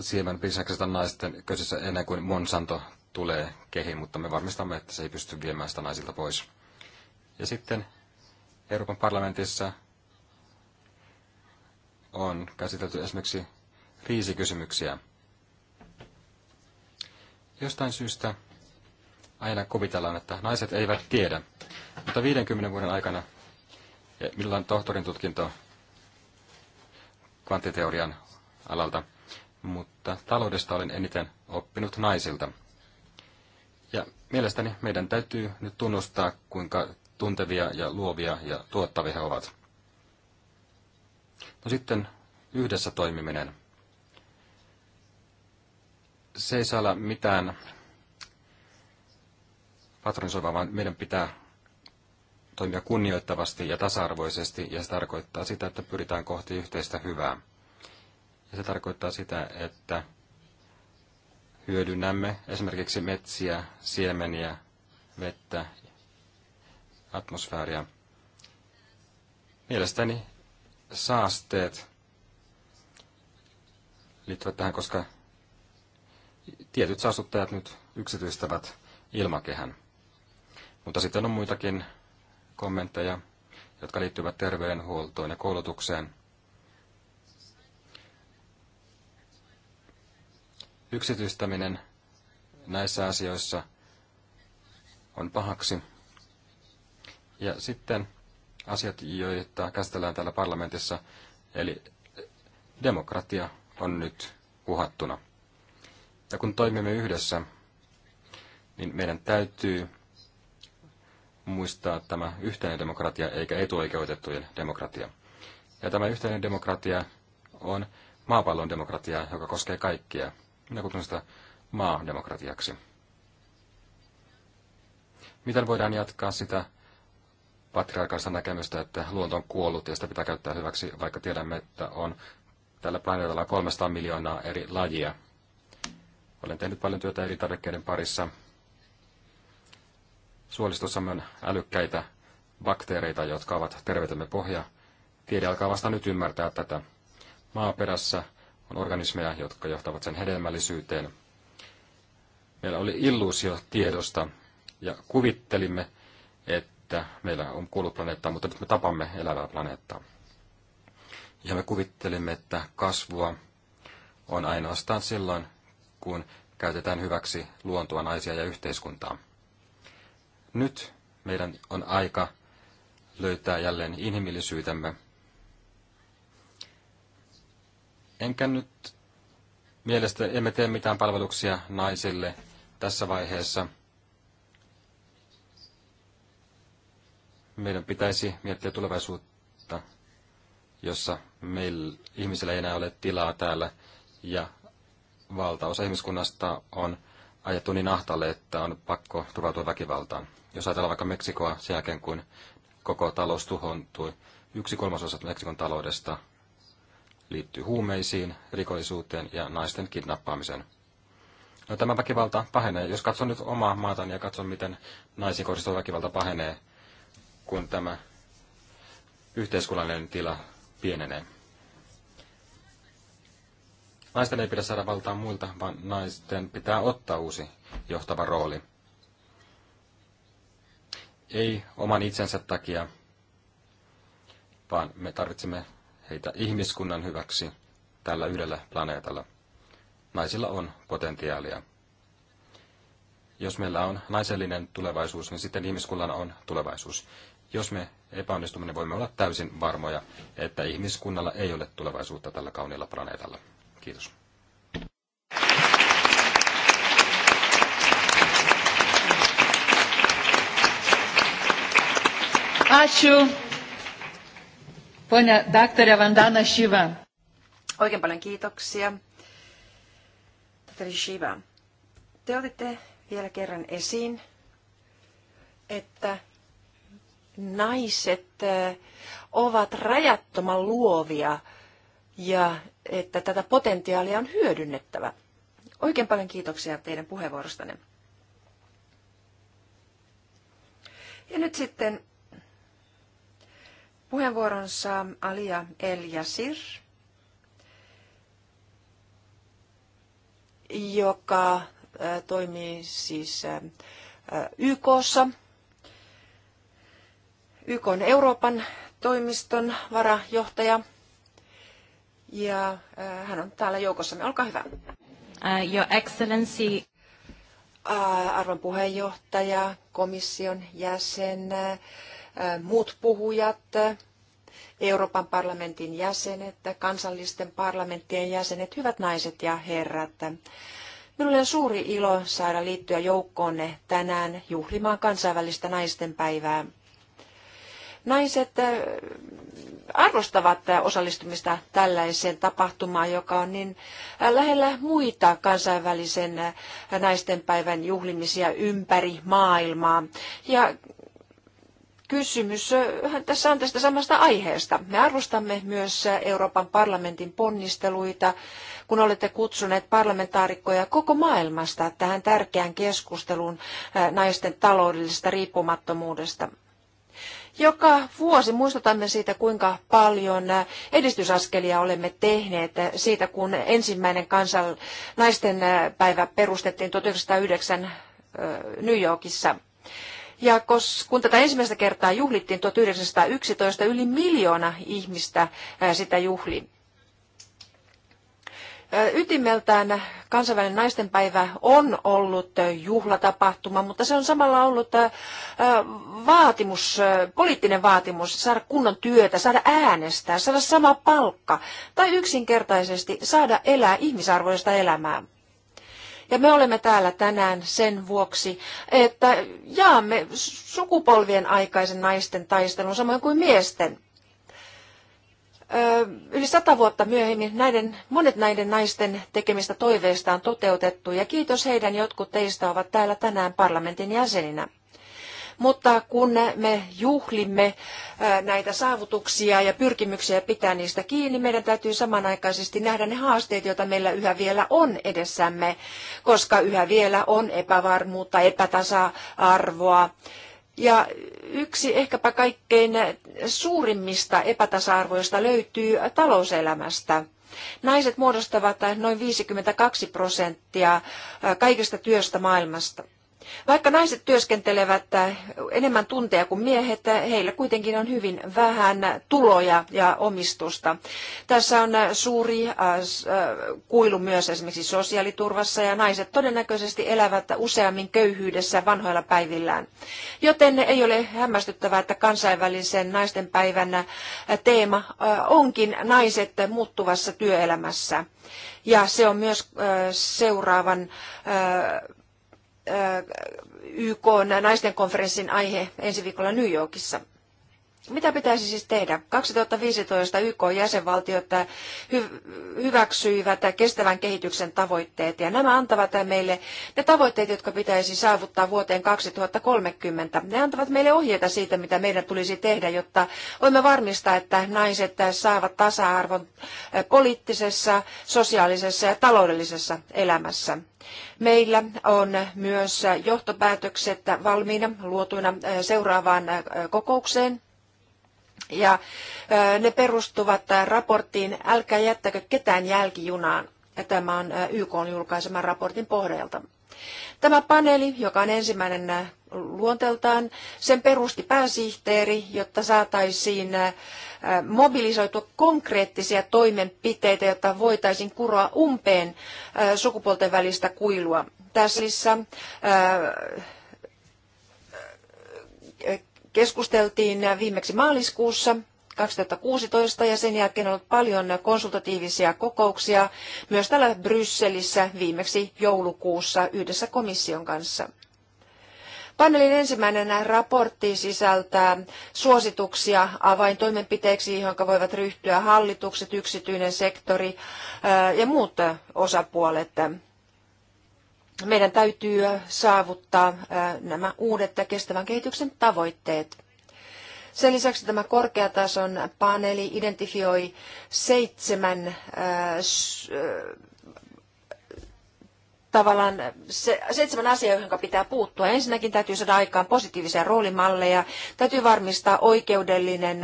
siemenbisneksestä naisten kysyssä ennen kuin Monsanto tulee kehiin, mutta me varmistamme, että se ei pysty viemään sitä naisilta pois. Ja sitten Euroopan parlamentissa on käsitelty esimerkiksi riisikysymyksiä. Jostain syystä aina kuvitellaan, että naiset eivät tiedä, mutta 50 vuoden aikana, millä on tohtorin tutkinto kvanttiteorian alalta, mutta taloudesta olen eniten oppinut naisilta – ja mielestäni meidän täytyy nyt tunnustaa, kuinka tuntevia ja luovia ja tuottavia he ovat. No sitten yhdessä toimiminen. Se ei saa olla mitään patronisoivaa, vaan meidän pitää toimia kunnioittavasti ja tasa-arvoisesti, ja se tarkoittaa sitä, että pyritään kohti yhteistä hyvää. Ja se tarkoittaa sitä, että hyödynnämme esimerkiksi metsiä, siemeniä, vettä, atmosfääriä. Mielestäni saasteet liittyvät tähän, koska tietyt saastuttajat nyt yksityistävät ilmakehän. Mutta sitten on muitakin kommentteja, jotka liittyvät terveydenhuoltoon ja koulutukseen – Yksityistäminen näissä asioissa on pahaksi. Ja sitten asiat, joita käsitellään täällä parlamentissa, eli demokratia on nyt uhattuna. Ja kun toimimme yhdessä, niin meidän täytyy muistaa tämä yhteinen demokratia eikä etuoikeutettujen demokratia. Ja tämä yhteinen demokratia on maapallon demokratia, joka koskee kaikkia. Minä kutsun sitä maademokratiaksi. Miten voidaan jatkaa sitä patriarkaalista näkemystä, että luonto on kuollut ja sitä pitää käyttää hyväksi, vaikka tiedämme, että on tällä planeetalla 300 miljoonaa eri lajia. Olen tehnyt paljon työtä eri tarvikkeiden parissa. Suolistossamme on älykkäitä bakteereita, jotka ovat terveytemme pohja. Tiede alkaa vasta nyt ymmärtää tätä. Maaperässä on organismeja, jotka johtavat sen hedelmällisyyteen. Meillä oli illuusio tiedosta ja kuvittelimme, että meillä on kuullut planeettaa, mutta nyt me tapamme elävää planeettaa. Ja me kuvittelimme, että kasvua on ainoastaan silloin, kun käytetään hyväksi luontoa, naisia ja yhteiskuntaa. Nyt meidän on aika löytää jälleen inhimillisyytemme Enkä nyt mielestä emme tee mitään palveluksia naisille tässä vaiheessa. Meidän pitäisi miettiä tulevaisuutta, jossa meillä ihmisillä ei enää ole tilaa täällä ja valtaosa ihmiskunnasta on ajettu niin ahtalle, että on pakko turvautua väkivaltaan. Jos ajatellaan vaikka Meksikoa sen jälkeen, kun koko talous tuhontui, yksi kolmasosa Meksikon taloudesta liittyy huumeisiin, rikollisuuteen ja naisten kidnappaamiseen. No, tämä väkivalta pahenee. Jos katson nyt omaa maatani ja katson, miten naisiin kohdistuva väkivalta pahenee, kun tämä yhteiskunnallinen tila pienenee. Naisten ei pidä saada valtaa muilta, vaan naisten pitää ottaa uusi johtava rooli. Ei oman itsensä takia, vaan me tarvitsemme heitä ihmiskunnan hyväksi tällä yhdellä planeetalla. Naisilla on potentiaalia. Jos meillä on naisellinen tulevaisuus, niin sitten ihmiskunnalla on tulevaisuus. Jos me epäonnistumme, niin voimme olla täysin varmoja, että ihmiskunnalla ei ole tulevaisuutta tällä kauniilla planeetalla. Kiitos. Ashu. Pone Dr. Vandana Shiva. Oikein paljon kiitoksia. Dr. Shiva, te otitte vielä kerran esiin, että naiset eh, ovat rajattoman luovia ja että tätä potentiaalia on hyödynnettävä. Oikein paljon kiitoksia teidän puheenvuorostanne. Ja nyt sitten Puheenvuoron saa Alia Eljasir, joka toimii siis YKssa, YK on Euroopan toimiston varajohtaja. Ja hän on täällä joukossamme. Olkaa hyvä. Uh, your Excellency. Uh, arvon puheenjohtaja, komission jäsen, uh, muut puhujat, Euroopan parlamentin jäsenet, kansallisten parlamenttien jäsenet, hyvät naiset ja herrat. Minulle on suuri ilo saada liittyä joukkoonne tänään juhlimaan kansainvälistä naistenpäivää. Naiset arvostavat osallistumista tällaiseen tapahtumaan, joka on niin lähellä muita kansainvälisen naistenpäivän juhlimisia ympäri maailmaa. Ja kysymys äh, tässä on tästä samasta aiheesta. Me arvostamme myös äh, Euroopan parlamentin ponnisteluita, kun olette kutsuneet parlamentaarikkoja koko maailmasta tähän tärkeään keskusteluun äh, naisten taloudellisesta riippumattomuudesta. Joka vuosi muistutamme siitä, kuinka paljon edistysaskelia olemme tehneet siitä, kun ensimmäinen kansan naisten päivä perustettiin 1909 New Yorkissa – ja kun tätä ensimmäistä kertaa juhlittiin 1911, yli miljoona ihmistä sitä juhli. Ytimeltään kansainvälinen naistenpäivä on ollut juhlatapahtuma, mutta se on samalla ollut vaatimus, poliittinen vaatimus saada kunnon työtä, saada äänestää, saada sama palkka tai yksinkertaisesti saada elää ihmisarvoista elämää. Ja me olemme täällä tänään sen vuoksi, että jaamme sukupolvien aikaisen naisten taistelun samoin kuin miesten. Yli sata vuotta myöhemmin näiden, monet näiden naisten tekemistä toiveista on toteutettu ja kiitos heidän jotkut teistä ovat täällä tänään parlamentin jäseninä. Mutta kun me juhlimme näitä saavutuksia ja pyrkimyksiä pitää niistä kiinni, meidän täytyy samanaikaisesti nähdä ne haasteet, joita meillä yhä vielä on edessämme, koska yhä vielä on epävarmuutta, epätasa-arvoa. Ja yksi ehkäpä kaikkein suurimmista epätasa-arvoista löytyy talouselämästä. Naiset muodostavat noin 52 prosenttia kaikesta työstä maailmasta. Vaikka naiset työskentelevät äh, enemmän tunteja kuin miehet, äh, heillä kuitenkin on hyvin vähän tuloja ja omistusta. Tässä on äh, suuri kuilu myös esimerkiksi sosiaaliturvassa ja naiset todennäköisesti elävät useammin köyhyydessä vanhoilla päivillään. Joten ei ole hämmästyttävää, että kansainvälisen naisten teema onkin naiset muuttuvassa työelämässä. Ja se on myös seuraavan YK naisten konferenssin aihe ensi viikolla New Yorkissa. Mitä pitäisi siis tehdä? 2015 YK-jäsenvaltiot äh, hyväksyivät kestävän kehityksen tavoitteet ja nämä antavat meille ne tavoitteet, jotka pitäisi saavuttaa vuoteen 2030. Ne antavat meille ohjeita siitä, mitä meidän tulisi tehdä, jotta voimme varmistaa, että naiset saavat tasa-arvon äh, poliittisessa, sosiaalisessa ja taloudellisessa elämässä. Meillä on myös johtopäätökset valmiina luotuina äh, seuraavaan kokoukseen ja ne perustuvat raporttiin Älkää jättäkö ketään jälkijunaan. Ja tämä on YK on julkaiseman raportin pohjalta. Tämä paneeli, joka on ensimmäinen luonteeltaan, sen perusti pääsihteeri, jotta saataisiin mobilisoitua konkreettisia toimenpiteitä, jotta voitaisiin kuroa umpeen sukupuolten välistä kuilua. Tässä keskusteltiin viimeksi maaliskuussa 2016 ja sen jälkeen on ollut paljon konsultatiivisia kokouksia myös täällä Brysselissä viimeksi joulukuussa yhdessä komission kanssa. Paneelin ensimmäinen raportti sisältää suosituksia avaintoimenpiteiksi, johon voivat ryhtyä hallitukset, yksityinen sektori ja muut osapuolet meidän täytyy saavuttaa nämä uudet kestävän kehityksen tavoitteet. Sen lisäksi tämä korkeatason paneeli identifioi seitsemän tavallaan se, seitsemän asiaa, johon pitää puuttua. Ensinnäkin täytyy saada aikaan positiivisia roolimalleja, täytyy varmistaa oikeudellinen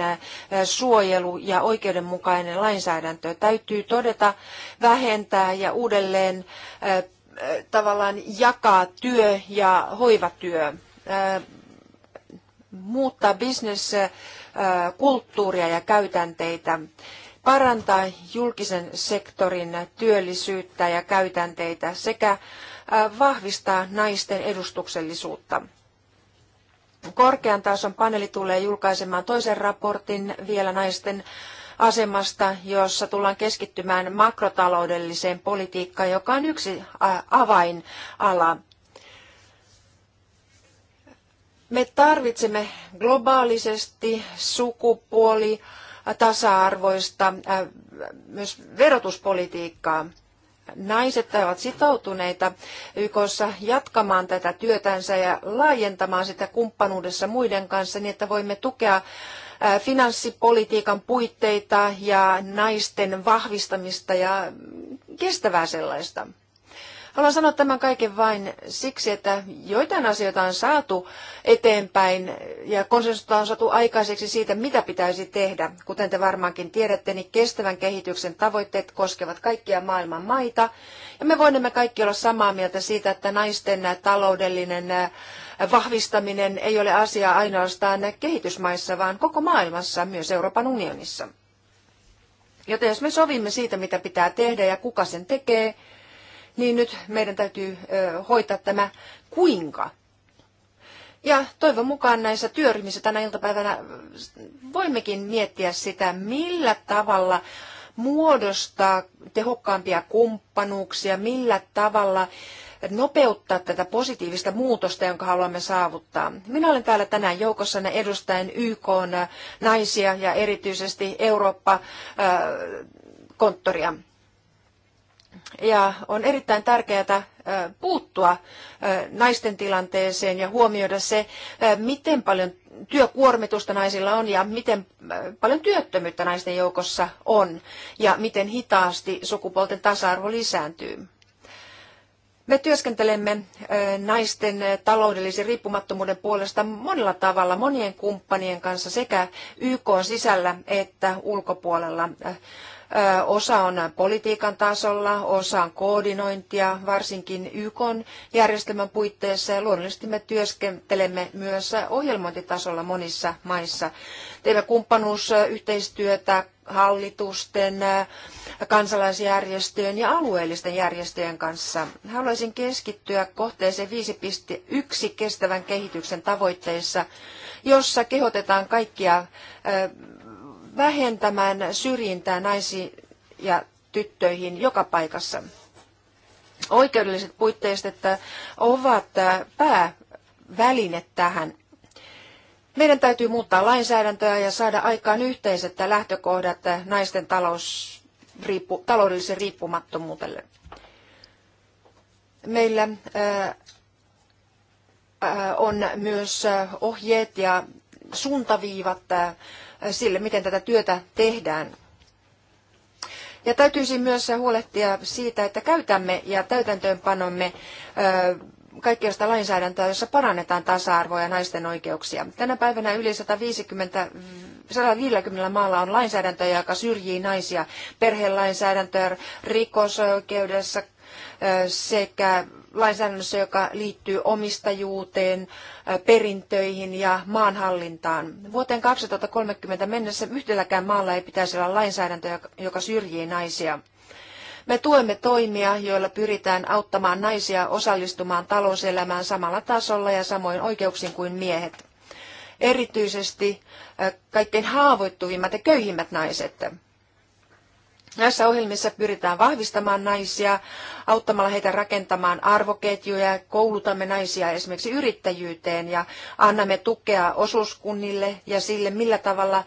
suojelu ja oikeudenmukainen lainsäädäntö. Täytyy todeta, vähentää ja uudelleen tavallaan jakaa työ ja hoivatyö, muuttaa bisneskulttuuria ja käytänteitä, parantaa julkisen sektorin työllisyyttä ja käytänteitä sekä vahvistaa naisten edustuksellisuutta. Korkean tason paneeli tulee julkaisemaan toisen raportin vielä naisten asemasta, jossa tullaan keskittymään makrotaloudelliseen politiikkaan, joka on yksi avainala. Me tarvitsemme globaalisesti sukupuoli tasa-arvoista myös verotuspolitiikkaa. Naiset ovat sitoutuneita YKssa jatkamaan tätä työtänsä ja laajentamaan sitä kumppanuudessa muiden kanssa niin, että voimme tukea finanssipolitiikan puitteita ja naisten vahvistamista ja kestävää sellaista. Haluan sanoa tämän kaiken vain siksi, että joitain asioita on saatu eteenpäin ja konsensusta on saatu aikaiseksi siitä, mitä pitäisi tehdä. Kuten te varmaankin tiedätte, niin kestävän kehityksen tavoitteet koskevat kaikkia maailman maita. Ja me voimme kaikki olla samaa mieltä siitä, että naisten taloudellinen vahvistaminen ei ole asia ainoastaan kehitysmaissa, vaan koko maailmassa, myös Euroopan unionissa. Joten jos me sovimme siitä, mitä pitää tehdä ja kuka sen tekee, niin nyt meidän täytyy hoitaa tämä kuinka. Ja toivon mukaan näissä työryhmissä tänä iltapäivänä voimmekin miettiä sitä, millä tavalla muodostaa tehokkaampia kumppanuuksia, millä tavalla nopeuttaa tätä positiivista muutosta, jonka haluamme saavuttaa. Minä olen täällä tänään joukossanne edustaen YK äh, naisia ja erityisesti Eurooppa-konttoria. Äh, ja on erittäin tärkeää äh, puuttua naisten tilanteeseen ja huomioida se, miten paljon työkuormitusta naisilla on ja miten paljon työttömyyttä naisten joukossa on ja miten hitaasti sukupuolten tasa-arvo lisääntyy. Me työskentelemme naisten taloudellisen riippumattomuuden puolesta monella tavalla, monien kumppanien kanssa sekä YK sisällä että ulkopuolella Osa on politiikan tasolla, osa on koordinointia, varsinkin YK järjestelmän puitteissa. Ja luonnollisesti me työskentelemme myös ohjelmointitasolla monissa maissa. Teemme kumppanuusyhteistyötä hallitusten, kansalaisjärjestöjen ja alueellisten järjestöjen kanssa. Haluaisin keskittyä kohteeseen 5.1 kestävän kehityksen tavoitteissa, jossa kehotetaan kaikkia vähentämään syrjintää naisiin ja tyttöihin joka paikassa. Oikeudelliset puitteet että äh, ovat äh, pääväline tähän. Meidän täytyy muuttaa lainsäädäntöä ja saada aikaan yhteiset lähtökohdat äh, naisten talous, riippu, taloudellisen riippumattomuudelle. Meillä on myös ohjeet ja suuntaviivat sille, miten tätä työtä tehdään. Ja täytyisi myös huolehtia siitä, että käytämme ja täytäntöönpanomme kaikkea sitä lainsäädäntöä, jossa parannetaan tasa-arvoa ja naisten oikeuksia. Tänä päivänä yli 150, 150 maalla on lainsäädäntöä, joka syrjii naisia perheenlainsäädäntöä, rikosoikeudessa sekä lainsäädännössä, joka liittyy omistajuuteen, perintöihin ja maanhallintaan. Vuoteen 2030 mennessä yhdelläkään maalla ei pitäisi olla lainsäädäntöä, joka syrjii naisia. Me tuemme toimia, joilla pyritään auttamaan naisia osallistumaan talouselämään samalla tasolla ja samoin oikeuksin kuin miehet. Erityisesti kaikkein haavoittuvimmat ja köyhimmät naiset. Näissä ohjelmissa pyritään vahvistamaan naisia, auttamalla heitä rakentamaan arvoketjuja, koulutamme naisia esimerkiksi yrittäjyyteen ja annamme tukea osuuskunnille ja sille, millä tavalla,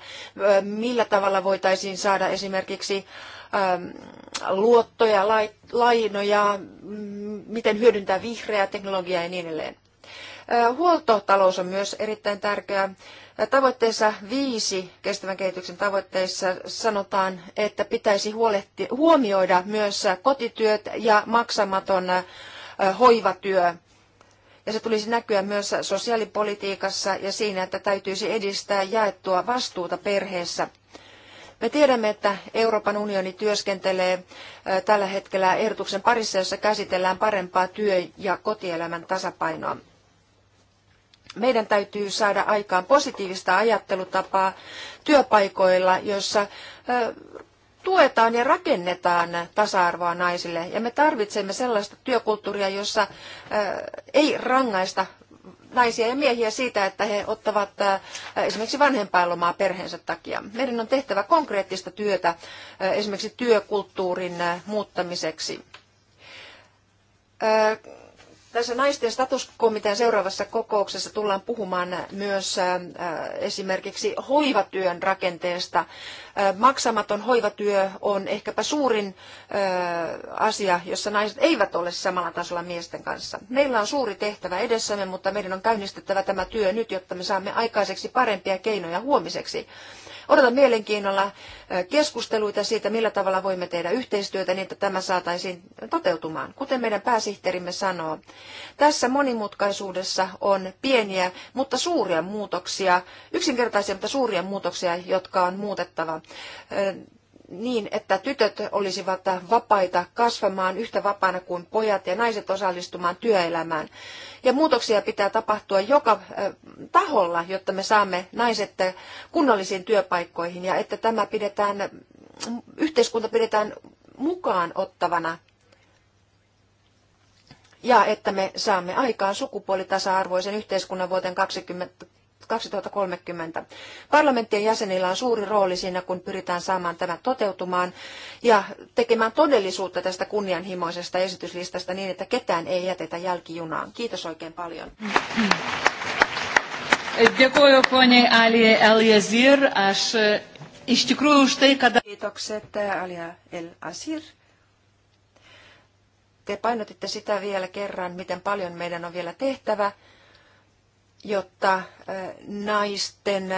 millä tavalla voitaisiin saada esimerkiksi ähm, luottoja, lainoja, miten hyödyntää vihreää teknologiaa ja niin edelleen. Huoltotalous on myös erittäin tärkeä. Tavoitteessa viisi kestävän kehityksen tavoitteissa sanotaan, että pitäisi huolehti, huomioida myös kotityöt ja maksamaton hoivatyö. Ja se tulisi näkyä myös sosiaalipolitiikassa ja siinä, että täytyisi edistää jaettua vastuuta perheessä. Me tiedämme, että Euroopan unioni työskentelee tällä hetkellä ehdotuksen parissa, jossa käsitellään parempaa työ- ja kotielämän tasapainoa. Meidän täytyy saada aikaan positiivista ajattelutapaa työpaikoilla, joissa tuetaan ja rakennetaan tasa-arvoa naisille. Ja me tarvitsemme sellaista työkulttuuria, jossa ei rangaista naisia ja miehiä siitä, että he ottavat esimerkiksi vanhempainlomaa perheensä takia. Meidän on tehtävä konkreettista työtä esimerkiksi työkulttuurin muuttamiseksi tässä naisten statuskomitean seuraavassa kokouksessa tullaan puhumaan myös äh, äh, esimerkiksi hoivatyön rakenteesta. Äh, maksamaton hoivatyö on ehkäpä suurin asia, jossa naiset eivät ole samalla tasolla miesten kanssa. Meillä on suuri tehtävä edessämme, mutta meidän on käynnistettävä tämä työ nyt, jotta me saamme aikaiseksi parempia keinoja huomiseksi. Odotan mielenkiinnolla keskusteluita siitä, millä tavalla voimme tehdä yhteistyötä niin, että tämä saataisiin toteutumaan. Kuten meidän pääsihteerimme sanoo, tässä monimutkaisuudessa on pieniä, mutta suuria muutoksia, yksinkertaisia, mutta suuria muutoksia, jotka on muutettava niin, että tytöt olisivat vapaita kasvamaan yhtä vapaana kuin pojat ja naiset osallistumaan työelämään. Ja muutoksia pitää tapahtua joka taholla, jotta me saamme naiset kunnollisiin työpaikkoihin ja että tämä pidetään, yhteiskunta pidetään mukaan ottavana ja että me saamme aikaan sukupuolitasa-arvoisen yhteiskunnan vuoteen 20, 2030. Parlamenttien jäsenillä on suuri rooli siinä, kun pyritään saamaan tämä toteutumaan ja tekemään todellisuutta tästä kunnianhimoisesta esityslistasta niin, että ketään ei jätetä jälkijunaan. Kiitos oikein paljon. E, Kiitokset e, Alia El Asir te painotitte sitä vielä kerran, miten paljon meidän on vielä tehtävä, jotta naisten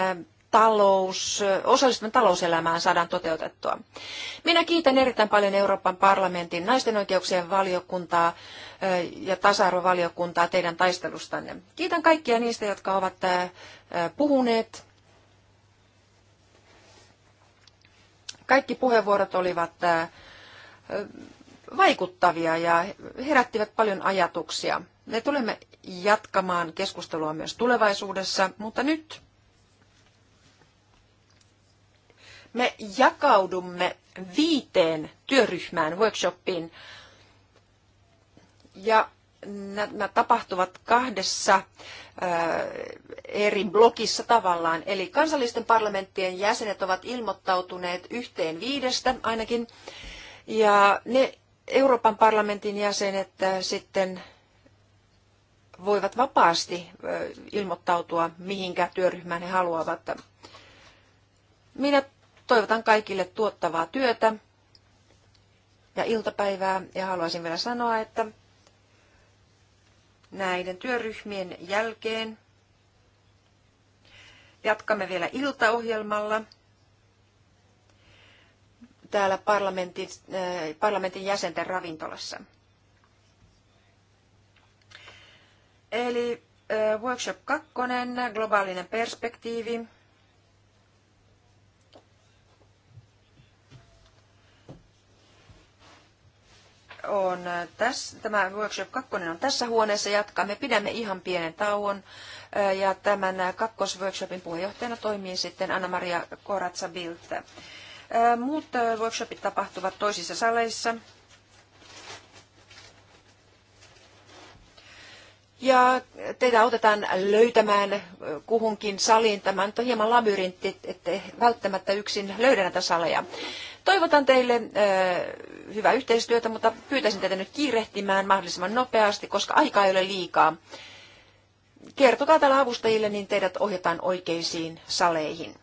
talous, osallistuminen talouselämään saadaan toteutettua. Minä kiitän erittäin paljon Euroopan parlamentin naisten oikeuksien valiokuntaa ja tasa-arvovaliokuntaa teidän taistelustanne. Kiitän kaikkia niistä, jotka ovat puhuneet. Kaikki puheenvuorot olivat vaikuttavia ja herättivät paljon ajatuksia. Me tulemme jatkamaan keskustelua myös tulevaisuudessa, mutta nyt me jakaudumme viiteen työryhmään, workshopiin. ja nämä tapahtuvat kahdessa eri blokissa tavallaan. Eli kansallisten parlamenttien jäsenet ovat ilmoittautuneet yhteen viidestä ainakin, ja ne Euroopan parlamentin jäsenet äh, sitten voivat vapaasti äh, ilmoittautua, mihinkä työryhmään he haluavat. Minä toivotan kaikille tuottavaa työtä ja iltapäivää ja haluaisin vielä sanoa, että näiden työryhmien jälkeen jatkamme vielä iltaohjelmalla – täällä parlamentin, eh, parlamentin jäsenten ravintolassa. Eli eh, Workshop 2, globaalinen perspektiivi. On eh, tässä, tämä Workshop 2 on tässä huoneessa jatkaa. Me pidämme ihan pienen tauon ja tämän kakkosworkshopin puheenjohtajana toimii sitten Anna-Maria Koratsa-Biltä. Muut workshopit tapahtuvat toisissa saleissa. Ja teitä autetaan löytämään kuhunkin saliin. Tämä on hieman labyrintti, ette välttämättä yksin löydä näitä saleja. Toivotan teille hyvää yhteistyötä, mutta pyytäisin teitä nyt kiirehtimään mahdollisimman nopeasti, koska aika ei ole liikaa. Kertokaa täällä avustajille, niin teidät ohjataan oikeisiin saleihin.